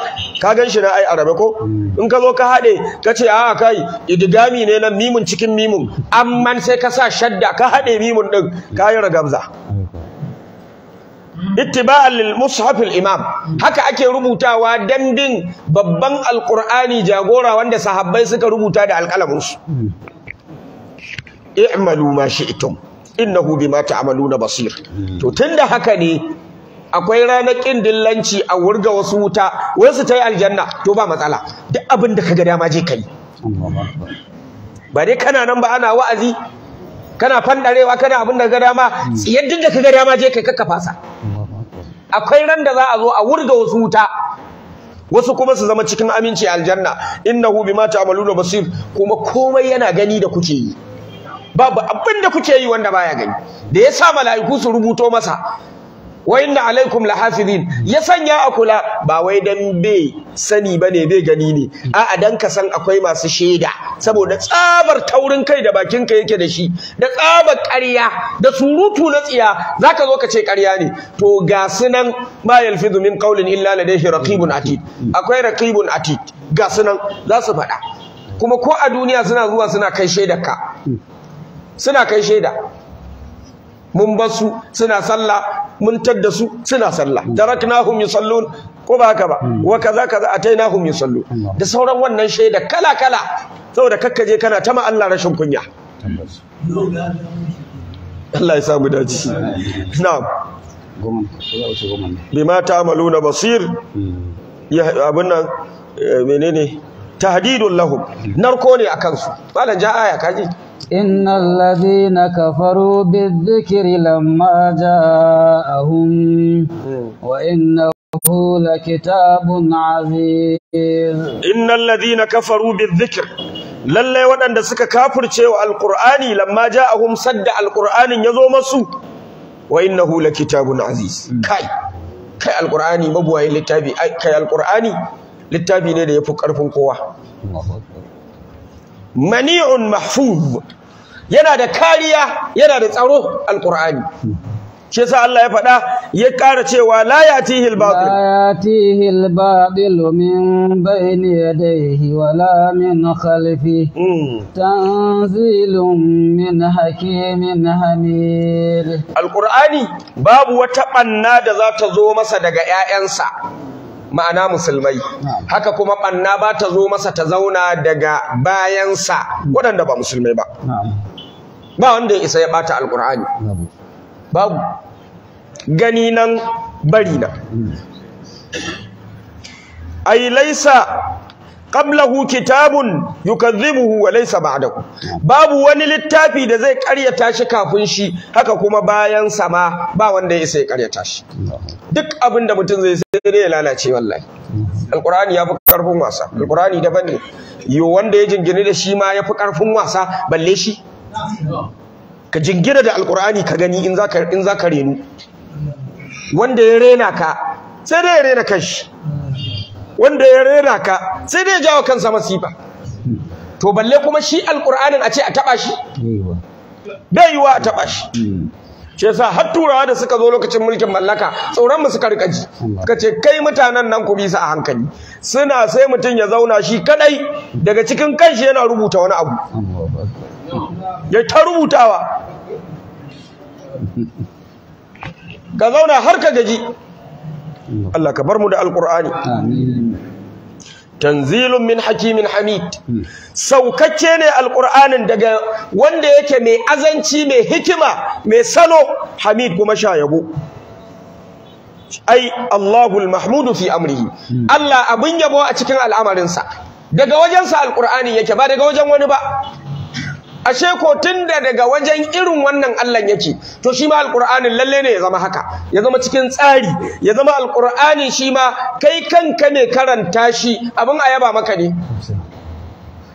ka gan shi na ai arabe ko in ka zo ka haɗe ka ce a ah, kai idigami ne nan mimun cikin mimun amman sai ka sa shadda ka haɗe mimun ɗin ka yi ragamza ittiba'an lil mushaf al imam haka ake rubutawa dandin babban alqur'ani jagora wanda sahabbai suka rubuta da alqalamin su i'malu ma shi'tum innahu bima ta'maluna basir to tunda haka ne akwai ranar kin dillanci a wurga wasu wuta wasu tayi aljanna to ba matsala duk abin da kaga dama je kai ba dai kana nan ba ana wa'azi kana fandarewa kana abin da ga dama yadda da ka ga dama je kai kakkafa sa akwai ran da za a zo a wurga wasu wuta wasu kuma su zama cikin aminci aljanna innahu bima ta'maluna basir kuma komai yana gani da kuke yi babu abin da kuke yi wanda baya gani da yasa mala'iku su rubuto masa wa inna alaikum lahafizin ya sanya a kula ba wai dan bai sani bane bai gani ne a'a dan ka san akwai masu shaida saboda tsabar taurin kai da bakin ka yake da shi da tsabar ƙarya da surutu na tsiya zaka zo ka ce ƙarya ne to ga sunan ma yalfizu min qawlin illa ladayhi raqibun atid akwai raqibun atid ga sunan za su faɗa kuma ko a duniya suna zuwa suna kai ka suna kai shaida mun bar su suna sallah mun tadda su suna sallah mm. taraknahum yusallun ko ba haka ba mm. wa kaza kaza atainahum yusallu mm. da sauran wannan shaida kala kala saboda kakka je kana ta ma Allah rashin kunya Allah ya samu daji. na'am bima ta'maluna basir ya abin nan eh, menene tahdidul lahum narko ne akan su malan ja aya kaji إن الذين كفروا بالذكر لما جاءهم وإنه لكتاب عزيز إن الذين كفروا بالذكر lallai waɗanda suka kafirce wa alƙur'ani lamma ja'ahum sadda alƙur'anin ya zo masu wa innahu lakitabun aziz kai kai alƙur'ani mabuwayin littafi kai alƙur'ani littafi ne da yafi ƙarfin kowa mani'un mahfuz yana da kariya yana da tsaro alqur'ani shi yasa Allah ya faɗa ya ƙara cewa la yatihil batil la yatihil batil min bayni yadayhi wa la min khalfi hmm. tanzilun min hakimin hamid alqur'ani babu wata banna da za ta zo masa daga ƴaƴansa ma'ana musulmai haka kuma banna ba ta zo masa ta zauna daga bayansa waɗanda ba musulmai ba ba wanda ya isa ya bata alkur'ani babu gani nan bari na hmm. ai laisa qablahu kitabun yukazzibuhu wa laysa ba'dahu babu wani littafi da zai karyata shi kafin shi haka kuma bayan sa ma ba wanda ya sai karyata shi duk abin da mutum zai sai dai ya lalace wallahi alqur'ani fi karfin wasa alqur'ani daban ne yo wanda ya jingine da shi ma ya fi karfin wasa balle shi ka jingina da alqur'ani ka gani in zaka in zaka renu wanda ya rena ka sai dai ya rena kanshi wanda ya rera ka sai dai jawo kansa masifa to balle kuma shi alqur'anin a ce a taba shi bai yiwa a taba shi ce hmm. sa har turawa da suka zo lokacin mulkin mallaka tsoron mu suka rika ji ce kai mutanen nan ku bisa a hankali suna sai mutum ya zauna shi kadai daga cikin kanshi yana rubuta wani abu ya ta rubutawa ka zauna har ka gaji Allah ka bar mu da alkur'ani tanzilun min hakimin hamid hmm. saukacce ne alqur'anin daga wanda yake mai azanci mai hikima mai salo hamid kuma sha yabo ai Allahul mahmudu fi amrihi hmm. Allah abin yabo a cikin al'amarinsa daga wajensa alqur'ani yake ba daga wajen wani ba ashe ko tunda daga wajen irin wannan Allah yake to shi ma lallai lalle ne ya zama haka ya zama cikin tsari ya zama alqur'ani shi ma kai kanka ne karanta shi abin a yaba maka ne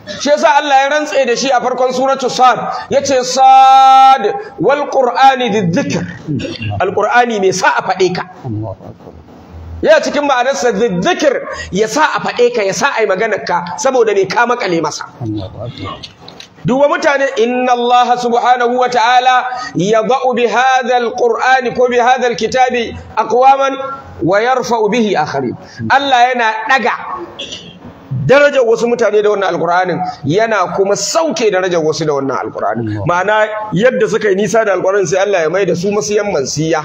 shi yasa Allah ya rantse da shi a farkon suratul sad yace sad wal qur'ani dhikr alqur'ani me sa a fade ka ya cikin ma'anarsa dhikr ya sa a fade ka ya sa ai maganar ka saboda me ka makale masa duba mutane inna Allaha subhanahu wa ta'ala yadha'u bi hadha qur'ani ko bi hadha kitabi aqwaman wa yarfa'u bihi akharin Allah yana daga darajar wasu mutane da wannan Alqur'anin, yana kuma sauke darajar wasu da wannan Alqur'anin. ma'ana yadda suka yi nisa da alkur'anin sai Allah ya mai da su masiyan mansiya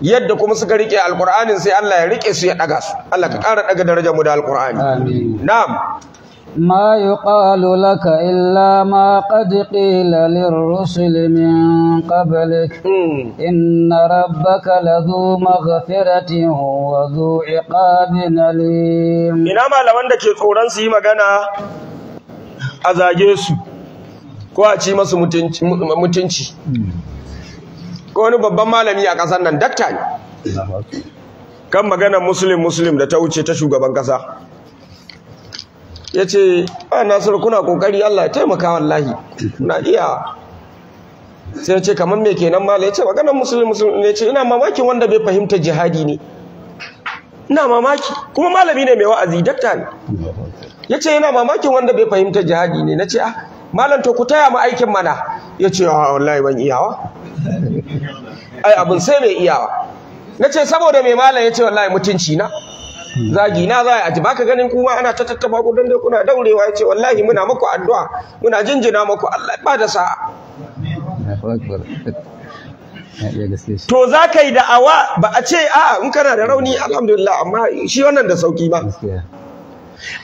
yadda kuma suka rike Alqur'anin sai Allah ya hmm. rike su ya daga su Allah ka ƙara daga darajar mu da alkur'ani na'am ما يقال لك إلا ما قد قيل للرسل من قبلك إن ربك لذو مغفرة وذو عقاب أليم إنا ما لمن دكي قران سي مغانا أزاجي سو ko a ci masu mutunci ko wani babban malami a ƙasar nan dakta ne kan maganar muslim muslim da ta wuce ta shugaban ƙasa ya ce a ah, nasiru kuna kokari allah ya taimaka wallahi na iya sai ce kamar me kenan mala ya ce maganar musulmi musulmi ne ce ina mamakin wanda bai fahimta jihadi ne ina mamaki kuma malami ne mai wa'azi dakta ne ya ce yana mamakin wanda bai fahimta jihadi ne na ce ah malam to ku taya mu aikin mana ya ce a ah, wallahi ban iyawa ai abin sai mai iyawa na ce saboda mai malam ya ce wallahi mutunci na zagi na za a ji baka ganin kuma ana ta tattaba ku dan dai kuna daurewa yace wallahi muna muku addu'a muna jinjina muku Allah ba da sa'a to za ka yi da'awa ba a ce a in kana da rauni alhamdulillah amma shi wannan da sauki ba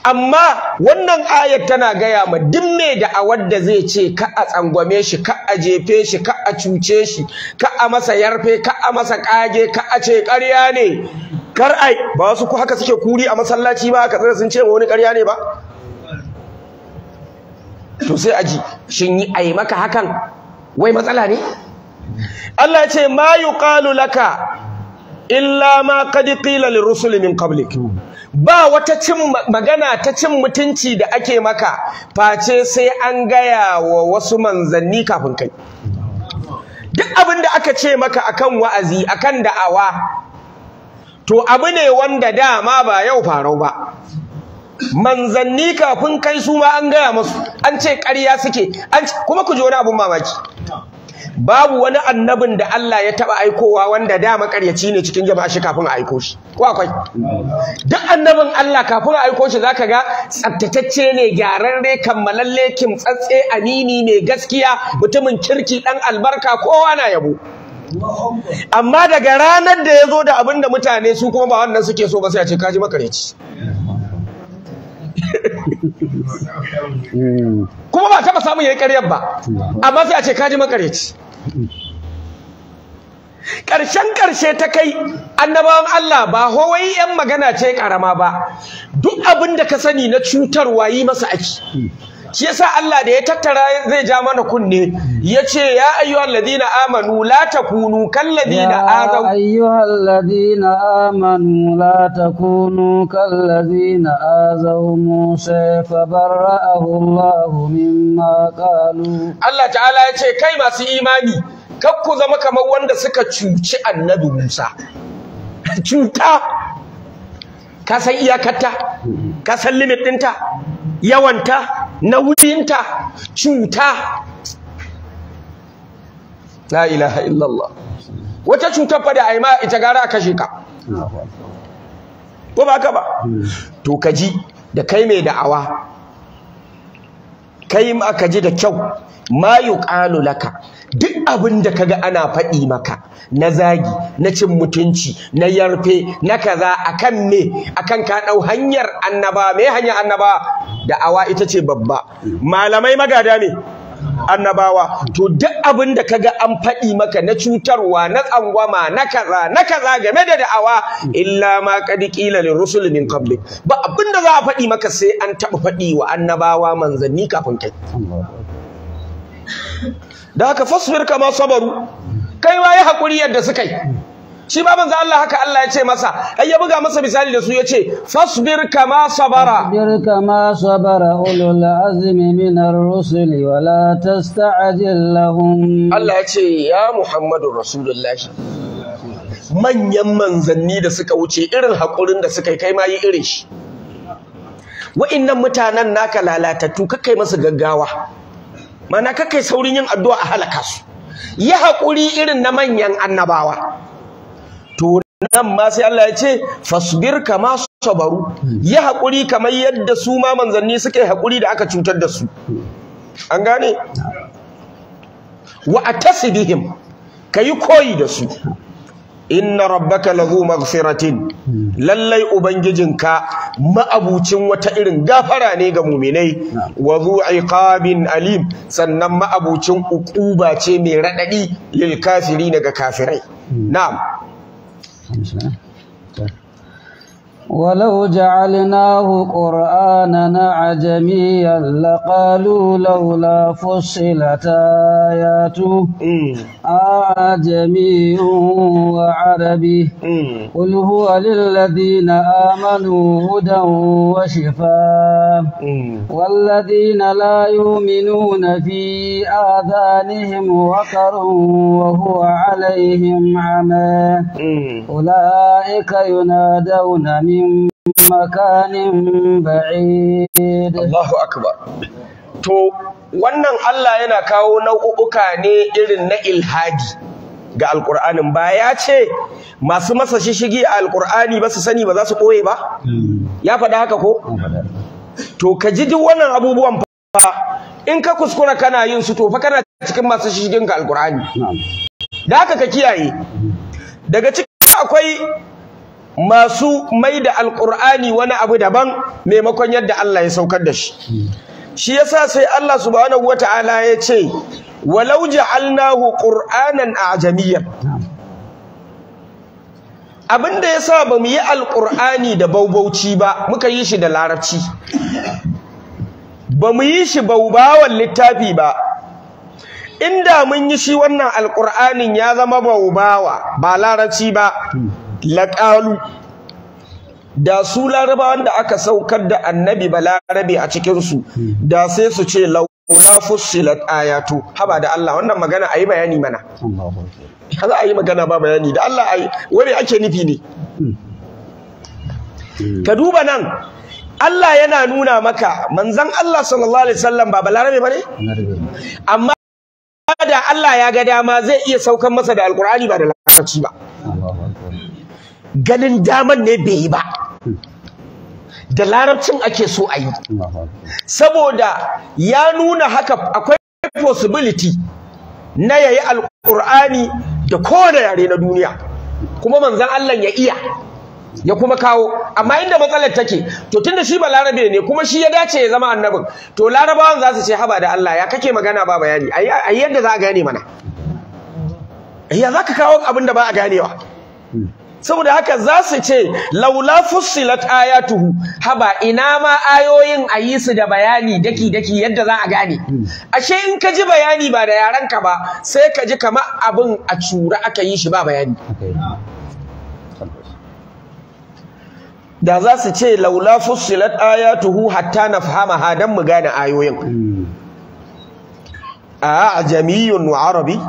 amma wannan ayar tana gaya ma duk da awar da zai ce ka a tsangwame shi ka a jefe shi ka a cuce shi ka a masa yarfe ka a masa kage ka a ce karya ne kar ai ba wasu ku haka suke kuri a masallaci ba haka tsara sun ce wani ƙarya ne ba to sai aji shin yi a yi maka hakan wai matsala ne Allah ce ma ƙalu laka illa ma qad ƙila lirrusul min kablik ba wata cin magana ta cin mutunci da ake maka face sai an gaya wa wasu manzanni kafin kai duk abin da aka ce maka akan wa'azi akan da'awa to abu ne wanda dama ba yau farau ba manzanni kafin kai su ma an gaya musu an ce ƙarya suke kuma ku ji wani abun mamaki babu wani annabin da Allah ya taba aikowa wanda dama ƙaryaci ne cikin jama'a shi kafin a aiko shi ko akwai duk annabin Allah kafin a aiko shi zaka ga tsaftatacce ne gyararre kammalalle kimtsatse amini mai gaskiya mutumin kirki dan albarka kowa na yabo amma daga ranar da ya zo da abin da mutane su kuma ba wannan suke so ba sai a ce kaji makareci kuma ba taba samun yayi ƙaryar ba amma sai a ce kaji makareci ƙarshen ƙarshe ta kai annabawan Allah ba hawai yan magana ce ƙarama ba duk abin da ka sani na cutarwa yi masa aki shi yasa Allah da ya tattara zai ja mana kunne yace ya ayyuhal ladina amanu la takunu kal ladina azaw ya ayyuhal ladina amanu la takunu kal ladina azaw Musa barra'ahu Allah mimma qalu Allah ta'ala yace kai masu imani kar ku zama kamar wanda suka cuci annabi Musa cuta ka san iyakarta ka san limit ɗinta yawanta Na nauyinta cuta la ilaha illallah wata cutar fa da ma ita gara kashe ka ko ba ka ba to kaji da kai mai da'awa kai ma kaji da kyau ma yuqalu laka duk abin da kaga ana faɗi maka na zagi na cin mutunci na yarfe na kaza akan me akan ka ɗau hanyar annaba me hanyar annaba da awa ita ce babba malamai magada ne annabawa to duk abin da kaga an faɗi maka na cutarwa na tsangwama na kaza na kaza game da da'awa illa ma qad qila lir rusul min qabli ba abin da za a faɗi maka sai an taɓa faɗi wa annabawa manzanni kafin kai da haka fasfir kama sabaru kai ma hakuri yadda suka yi shi ba manzo Allah haka Allah ya ce masa ai ya buga masa misali da su ya ce fasbir kama sabara fasbir kama sabara ulul azmi ar rusul wa la tasta'jil lahum Allah ya ce ya Muhammadur Rasulullahi manyan manzanni da suka wuce irin hakurin da suka yi kai ma yi irin shi wa'annan mutanen naka lalatattu kakai masu gaggawa mana kakai saurin yin addu'a a halaka su yi haƙuri irin na manyan annabawa to nan ma sai Allah ya ce fasbir kama sabaru yi haƙuri kamar yadda su ma manzanni suke hakuri haƙuri da aka cutar da su an gane wa atasibihim kayi koyi da su inna rabbaka lahu maghfiratin lallai ubangijinka ma'abucin wata irin gafara ne ga muminai wa zu iqabin alim sannan ma'abucin ukuba ce mai radadi lil kafirin ga kafirai na'am ولو جعلناه قرآنا عجميا لقالوا لولا فصلت آياته أعجمي وعربي قل هو للذين آمنوا هدى وشفاء والذين لا يؤمنون في آذانهم وقر وهو عليهم عمى أولئك ينادون من مكان بعيد الله أكبر to wannan Allah yana kawo nau'uka ne irin na ilhadi ga alkur'anin ba ya ce masu masa shishigi a alkur'ani ba su sani ba za su koye ba hmm. ya faɗa haka ko to ka ji duk wannan abubuwan fa in ka kuskura kana yin su to fa kana cikin masu shishigin ga alkur'ani da haka ka kiyaye daga cikin akwai masu mai da alkur'ani wani abu daban maimakon yadda Allah ya saukar da shi hmm. shi yasa sai Allah subhanahu wata'ala ya ce walau ja'alnahu qur'anan ajamiyyan abinda yasa bamu yi alqur'ani da baubauci ba muka yi shi da larabci bamu yi shi baubawan littafi ba inda mun yi shi wannan alqur'anin ya zama baubawa ba larabci ba laqalu da su larabawan da aka saukar da annabi balarabe a cikinsu da sai su ce laula fussilat ayatu haba da Allah wannan magana ayi bayani mana kaza yi magana ba bayani da Allah ayi wani ake nufi ne ka duba nan Allah yana nuna maka manzon Allah sallallahu alaihi wasallam ba balarabe bane amma da Allah ya ga dama zai iya saukan masa da Alqur'ani ba da larabci ba ganin daman ne bai yi ba da larabcin ake so a yi saboda ya nuna haka akwai possibility na yayi alqur'ani da kowane yare na duniya kuma manzon Allah ya iya ya kuma kawo amma inda matsalar take to tunda shi ba larabe ne kuma shi ya dace ya zama annabin to larabawan za su ce haba da Allah ya kake magana ba bayani yi yadda za a gane mana ya za ka kawo abin da ba a ganewa saboda haka za su ce laula fussilat ayatuhu haba ina ma ayoyin a yi su da bayani daki daki yadda za a gane ashe in ka ji bayani ba da yarenka ba sai ka ji kamar abin a cura aka yi shi ba bayani da za su ce laula fussilat ayatuhu hatta na fahama hadan mu gane ayoyin hmm. a ajamiyun wa arabi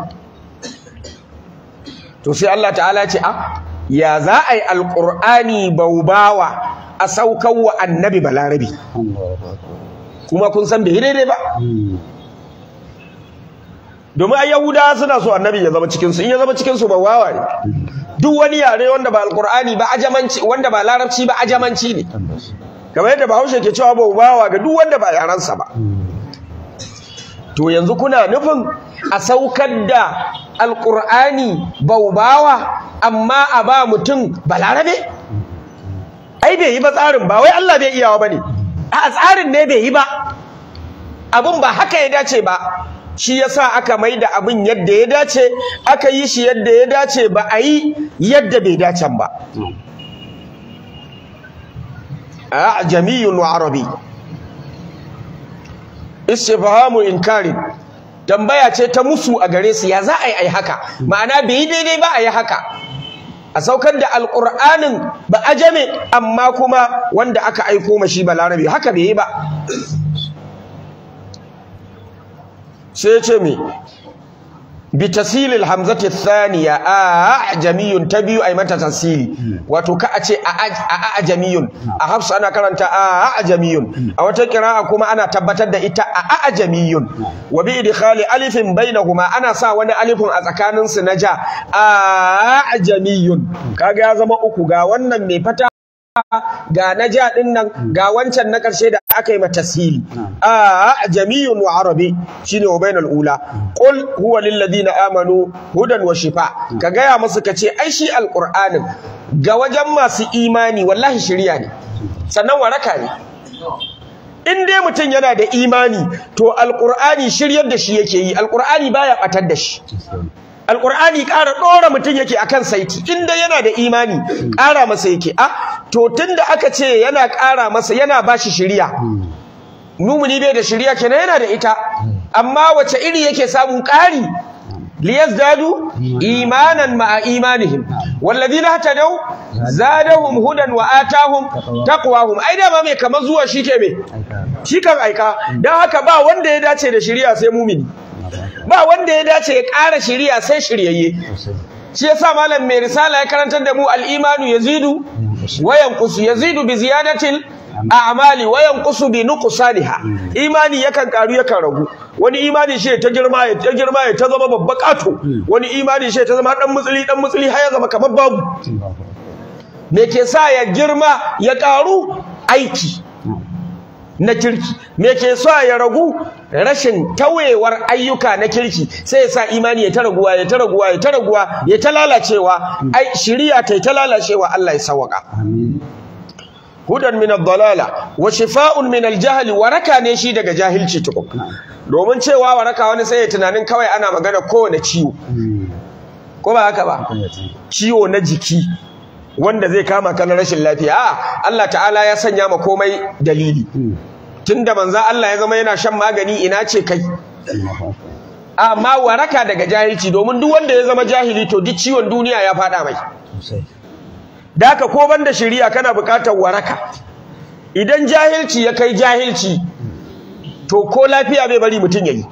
to sai Allah ta'ala ce a ah, ya za a yi alƙur'ani baubawa a saukar wa annabi balarabi kuma kun san bai daidai ba domin a yahuda suna so annabi ya zama cikinsu in ya zama cikinsu ba wawa ne duk wani yare wanda ba alƙur'ani ba ajamanci wanda ba larabci ba ajamanci ne kamar yadda bahaushe ke cewa baubawa ga duk wanda ba yaransa ba to yanzu kuna nufin a saukar da alƙur'ani baubawa amma a ba mutum balarabe ai bai yi ba tsarin ba wai Allah bai iyawa ba ne. a tsarin ne bai yi ba abin ba haka ya dace ba shi yasa aka maida abin yadda ya dace aka yi shi yadda ya dace ba a yi yadda bai dace ba a jami'in wa arabi istifhamu inkarin tambaya ce ta musu a gare su ya za a yi ai haka ma'ana bai yi daidai ba a yi haka a saukar da alƙur'anin ba jami amma kuma wanda aka aiko mashi larabi haka bai yi ba sai ce me bi tasilil hamzati thaniya a jamiyun ta biyu a yi mata tasili wato ka a ce a jamiyun a hafsu ana karanta a jamiyun a wata qira'a kuma ana tabbatar da ita a jamiyun wa bi idkhali alifin bainahuma ana sa wani alifin a tsakanin na ja a jamiyun kaga ya zama uku ga wannan mai fata ga na ja din nan ga wancan na ƙarshe da aka yi ma tasili a jami'un wa arabi shine ubainal ula qul huwa lil ladina amanu hudan wa shifa ka gaya musu kace ai shi alqur'anin ga wajen masu imani wallahi shirya ne sannan waraka ne in dai mutum yana da imani to Alƙur'ani shiryar da shi yake yi alqur'ani baya ɓatar da shi alqur'ani ƙara ɗora mutum yake akan saiti inda yana da imani ƙara masa yake a ah, to tunda aka ce yana ƙara masa yana bashi shiriya Numuni bai da shiriya kenan yana da ita amma wace iri yake samun ƙari liyazdadu imanan ma'a imanihim walladhina hatadaw zadahum hudan wa atahum taqwahum ai dama mai kamar zuwa shike me shi kan aika dan haka ba wanda ya dace da shari'a sai mumini ba wanda ya dace ya ƙara shiriya sai shiryayye shi yasa malam mai risala ya karantar da mu al-imanu yazidu wa yanqusu yazidu bi ziyadatil a'mali wayan yanqusu bi nuqsaniha imani yakan karu yakan ragu wani imani shi ta girma ya ta girma ya ta zama babba kato wani imani shi ta zama dan mutsili dan mutsili har ya zama kamar babu me ke sa ya girma ya karu aiki na kirki me ke sa ya ragu rashin tawayewar ayyuka na kirki sai ya sa imani ya ta raguwa ya ta raguwa ya ta raguwa ya ta lalacewa ai shiriya ta ta lalacewa Allah ya sawaka hudan min ad-dalala wa shifa'un min al-jahl waraka ne shi daga jahilci tukun domin cewa waraka wani sai ya tunanin kawai ana magana kowane ciwo ko ba haka ba ciwo na jiki wanda zai kama ka rashin lafiya a Allah ta'ala ya sanya ma komai dalili hmm. tunda manzo Allah ya zama yana shan magani ina ce kai amma waraka daga jahilci domin duk wanda ya zama jahili to duk ciwon duniya ya fada mai daka ko banda shari'a kana bukatar waraka idan jahilci ya kai jahilci to ko lafiya bai bari mutun yayi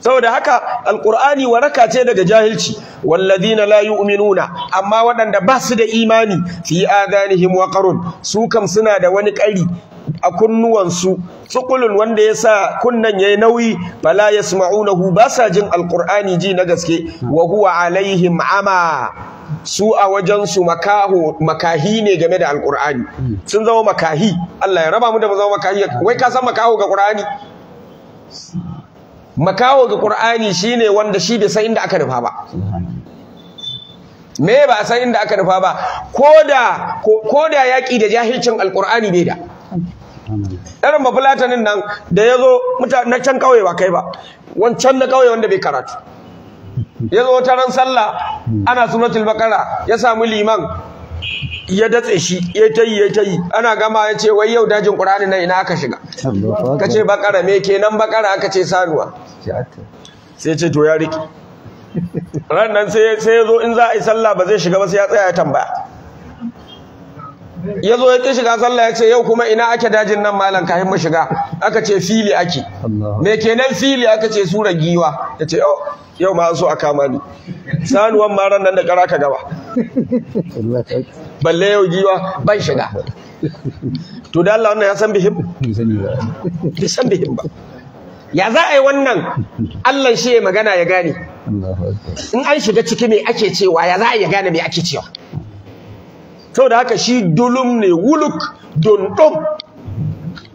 saboda haka alqur'ani waraka ce daga jahilci walladina la yu'minuna amma waɗanda ba su da imani fi adanihim qarun su kam suna da wani kari a kunnuwansu tsukulun wanda ya sa kunnan ya yi nauyi bala ya sma'unahu ba sa jin alkur'ani ji na gaske wa huwa alaihim ama su a wajensu makahi ne game da alkur'ani sun zama makahi Allah ya raba mu da mu zama makahi wai ka san makaho ga qur'ani makawo ga qur'ani shine wanda shi bai san inda aka nufa ba me ba a san inda aka nufa ba koda koda yaki da jahilcin alqur'ani bai da irin bafulatanin nan da ya zo na can kauye ba kai ba wancan na kauye wanda bai karatu ya zo wata sallah ana sunatul bakara ya samu liman ya datse shi ya ta yi ya ta yi ana gama ya ce wai yau dajin ƙur'ani na ina aka shiga ka ce bakara me kenan bakara aka ce sanuwa sai ce to ya riƙe ran nan sai ya zo in za a yi sallah ba zai shiga ba sai ya tsaya ya tambaya ya zo ya ƙi shiga sallah ya ce yau kuma ina ake dajin nan malam kafin mu shiga aka ce fili ake me kenan fili aka ce sura giwa ya ce oh, yau ma so a kama ni sanuwan ma ran nan da kara ka gaba balle yau giwa ban shiga to da Allah wannan ya san bihim Ya san bihim ba ya za a yi wannan Allah shi magana ya gane in an shiga ciki me ake cewa ya za a yi gane me ake cewa saboda haka shi dulum ne wuluk dundum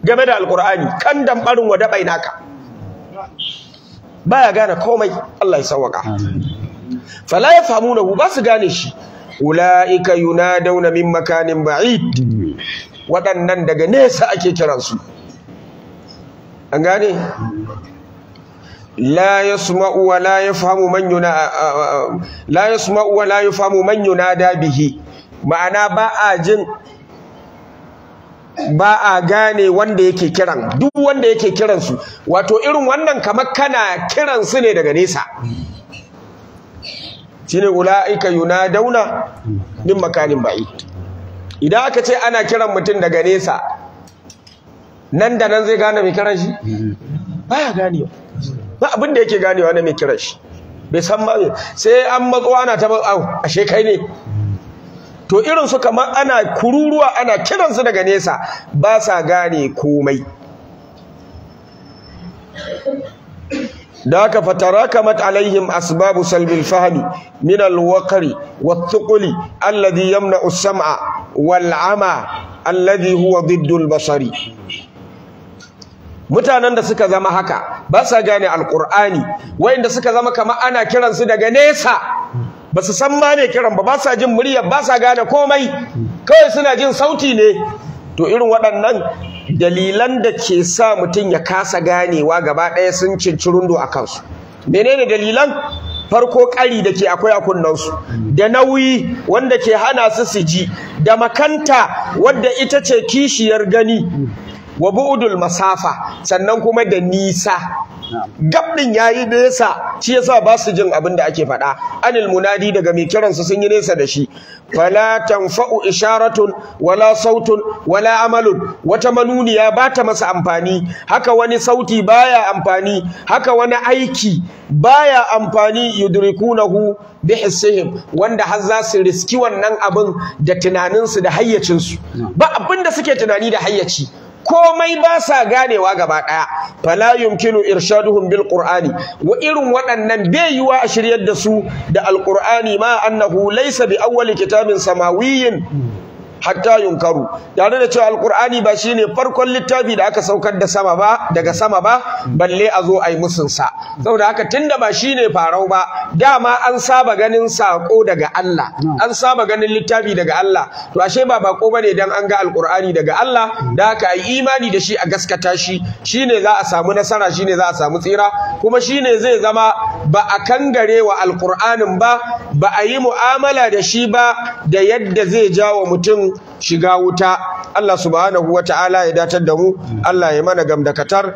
game da alkur'ani kan damɓarin wa daɓai naka ya gane komai Allah ya sawaka fala ya famu na ba su gane shi ulaika dauna min makanin ba'id waɗannan daga nesa ake kiransu an gane لا يسمع ولا يفهم من ينا لا يسمع ولا يفهم من ينادى به ma'ana ba a jin ba a gane wanda yake kiran duk wanda yake kiran su wato irin wannan kamar kana kiran su ne daga nesa shine ulaika dauna min makanin ba'i idan aka ce ana kiran mutum daga nesa nan da nan zai gane mai kiran shi ba baya ganewa ba abin da yake ganewa na mai kiran shi bai san ba sai an matsuwa na ta ba a ashe kai ne to irin su kamar ana kururuwa ana kiransu daga nesa ba sa gane komai da haka fatarakamat alaihim asbabu salbil fahmi min alwaqri wathuqli alladhi Yamna as-sam'a wal 'ama alladhi huwa diddu basari mutanen da suka zama haka ba sa gane alqur'ani wayanda suka zama kamar ana kiransu daga nesa ba su san ma ne kiran ba ba sa jin murya ba sa gane komai kawai suna jin sauti ne to irin waɗannan dalilan da ke sa mutum ya kasa ganewa gaba ɗaya sun cinci rundo a kansu menene dalilan farko ƙari da ke akwai a kunnansu da nauyi wanda ke hana su su ji da makanta wadda ita ce kishiyar gani wa bu'udul masafa sannan kuma da nisa gabdin yayi nesa shi yasa ba su jin abin da ake faɗa anil munadi daga mai kiran su sun yi nesa da shi fala tanfa'u isharatun wala sautun wala amalun wata manuniya ba ta masa amfani haka wani sauti baya amfani haka wani aiki baya amfani yudrikunahu bihissihim wanda har za su riski wannan abin da tunaninsu da hayyacinsu ba abin da suke tunani da hayyaci komai ba sa ganewa gaba ɗaya fala yumkinu irshaduhum bil qur'ani wa irin waɗannan bai yiwa a shiryar da su da alqur'ani ma annahu laysa bi awwali kitabin samawiyyin hatta yunkaru tare da cewa alqur'ani ba shine farkon littafi da aka saukar da sama ba daga sama ba balle a zo yi musun sa saboda haka tunda ba shine farau ba dama an saba ganin sako daga Allah an saba ganin littafi daga Allah to ashe ba bako bane dan an ga alqur'ani daga Allah da haka ai imani da shi a gaskata shi shine za a samu nasara shine za a samu tsira kuma shine zai zama ba a kangare wa alqur'anin ba ba a yi mu'amala da shi ba da yadda zai jawo mutum shiga wuta Allah subhanahu wa ta'ala ya datar da mu Allah ya mana gam da katar.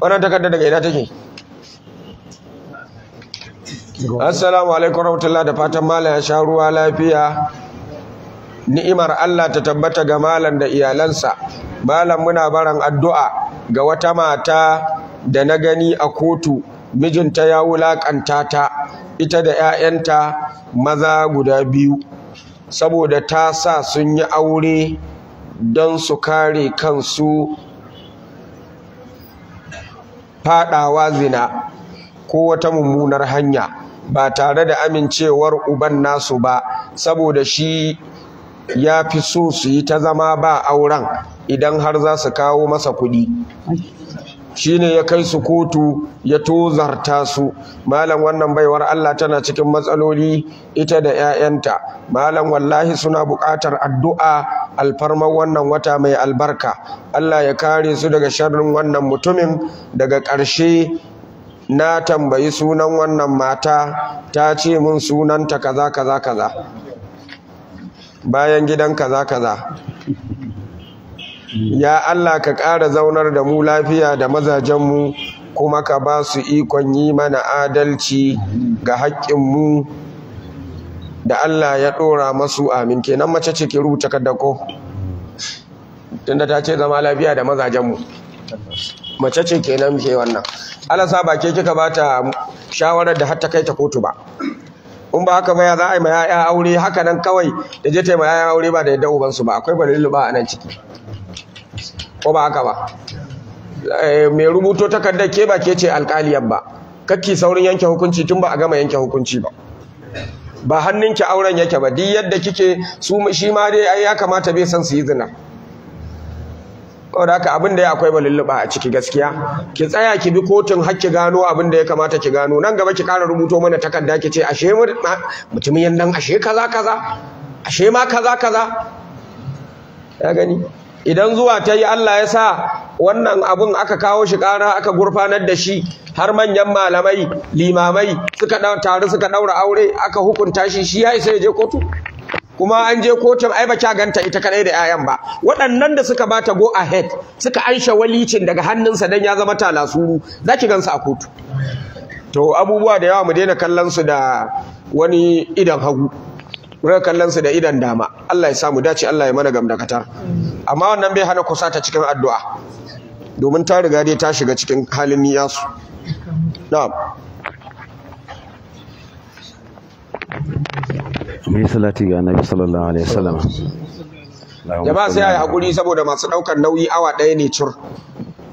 wannan takarda daga ina take assalamu alaikum rahmatullah da fatan malam ya sha ruwa lafiya ni'imar Allah ta tabbata ga malam da iyalansa malam muna baran addu'a ga wata mata da na gani a kotu mijinta ya wulakanta ta ita da 'ya'yanta maza guda biyu saboda ta sa sun yi aure don su kare kansu fadawa zina ko wata mummunar hanya ba tare da amincewar uban nasu ba saboda shi ya fi so su yi ta zama ba auren idan har za su kawo masa kuɗi. Shi ne ya kai su kotu ya tozarta su malam wannan baiwar Allah tana cikin matsaloli ita da 'ya'yanta malam wallahi suna buƙatar addu'a alfarmar wannan wata mai albarka Allah ya kare su daga sharrin wannan mutumin daga ƙarshe na tambayi sunan wannan mata ta ce min sunanta kaza kaza kaza bayan gidan kaza kaza ya Allah ka ƙara zaunar da mu lafiya da mazajenmu kuma ka ba su ikon yi mana adalci ga haƙƙinmu da Allah ya ɗora masu amin kenan mace ce ke rubuta kaddako tunda ta ce zama lafiya da mazajenmu mace ce kenan ke wannan Alasa ba ke kika ba ta shawarar da har ta kai ta kotu ba in ba haka baya za a yi ma 'ya'ya aure haka nan kawai da je ta yi ma 'ya'ya aure ba da yadda ubansu ba akwai balilu ba a nan ciki ko ba haka ba eh, mai rubuto takardar ke ba ke ce alƙaliyar ba kakki saurin yanke hukunci tun ba a gama yanke hukunci ba ba hannunki auren yake ba duk yadda kike su shi ma dai ai ya kamata bai san su yi zina saboda haka abin da ya akwai ba lulluɓa a ciki gaskiya ki tsaya ki bi kotun har gano abin da ya kamata ki gano nan gaba ki ƙara rubuto mana takarda ki ce ashe mutumin nan ashe kaza kaza ashe ma kaza kaza ya gani idan zuwa ta yi Allah ya sa wannan abun aka kawo shi ƙara aka gurfanar da shi har manyan malamai limamai suka taru suka ɗaura aure aka hukunta shi shi ya isa ya je kotu kuma an je kotun ai ba kya ganta ita kadai da 'ya'yan ba waɗannan da suka bata go ahead suka ansha walicin daga hannunsa dan ya zama talasuru zaki gansu a kotu to abubuwa da yawa mu daina kallon su da wani idan hagu muna kallon da idan dama Allah ya samu dace Allah ya mana gamdakatar amma wannan bai hana kusata cikin addu'a domin ta riga dai ta shiga cikin halin niyasu na'am mai salati ga annabi sallallahu hakuri saboda masu ɗaukar nauyi awa ɗaya ne cur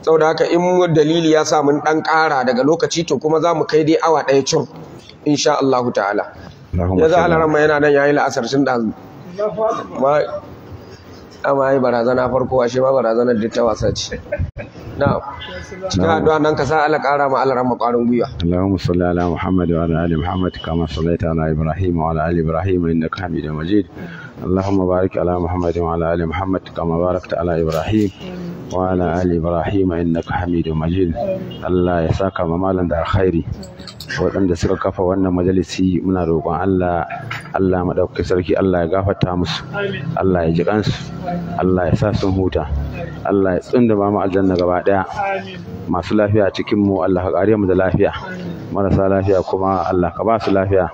saboda haka in dalili ya sa mun dan kara daga lokaci to kuma za mu kai dai awa ɗaya cur insha Allah ta'ala ya za a alaran mai yana nan yayi la'asar tun ɗazu ma amma yi barazana farko a shi ma barazanar da ta wasa ce na cikin haɗuwa nan ka sa ala ƙara ma alaran maƙwarin gwiwa Allahumma salli ala Muhammad wa ala ali Muhammad kama sallaita ala Ibrahim wa ala ali Ibrahim innaka Hamidum Majid Allahumma barik ala Muhammad wa ala ali Muhammad kama barakta ala Ibrahim wa ala ali Ibrahim innaka Hamidum Majid Allah ya saka ma malam da alkhairi waɗanda suka kafa wannan majalisi muna roƙon Allah Allah maɗaukai sarki Allah ya gafarta musu Allah ya ji kansu Allah ya sa sun huta Allah ya tsinda mu aljanna gaba ɗaya masu lafiya cikin mu Allah ka kare mu da lafiya marasa lafiya kuma Allah ka ba su lafiya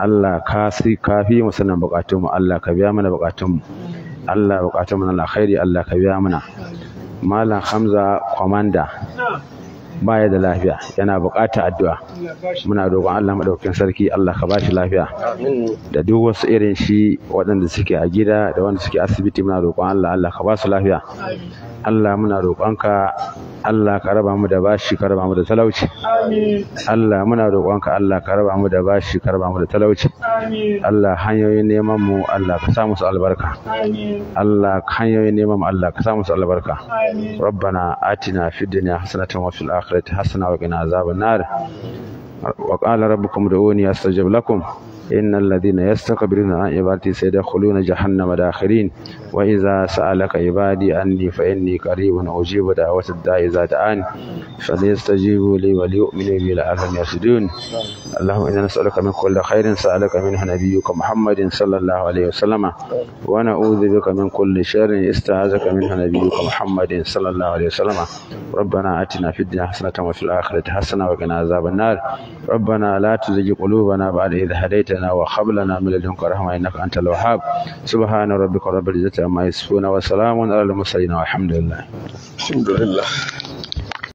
Allah ka si kafi mu sanin bukatun mu Allah ka biya mana bukatun mu Allah bukatun mu na alkhairi Allah ka biya mana Malam Hamza Kwamanda baya da lafiya yana buƙatar addu'a muna roƙon Allah madaukakin sarki Allah ka bashi lafiya da duk wasu irin shi waɗanda suke a gida da wanda suke asibiti muna roƙon Allah Allah ka basu lafiya Allah muna roƙonka Allah ka raba mu da bashi ka raba mu da talauci Allah muna roƙonka Allah ka raba mu da bashi ka raba mu da talauci Allah hanyoyin neman mu Allah ka sa musu albarka Allah hanyoyin neman mu Allah ka sa musu albarka atina fid dunya hasanatan wa fil akhirati akhirati hasana wa qina azaban nar wa qala rabbukum ud'uni astajib lakum إن الذين يستكبرون عن عبادتي سيدخلون جهنم داخرين وإذا سألك عبادي عني فإني قريب أجيب دعوة الداعي إذا دعان فليستجيبوا لي وليؤمنوا بي لعلهم يرشدون اللهم إنا نسألك من كل خير سألك منه نبيك محمد صلى الله عليه وسلم ونعوذ بك من كل شر استعاذك منه نبيك محمد صلى الله عليه وسلم ربنا آتنا في الدنيا حسنة وفي الآخرة حسنة وقنا عذاب النار ربنا لا تزغ قلوبنا بعد إذ هديتنا علينا وهب لنا من لدنك رحمة إنك أنت الوهاب سبحان ربك رب العزة عما يصفون وسلام على المرسلين والحمد لله الحمد لله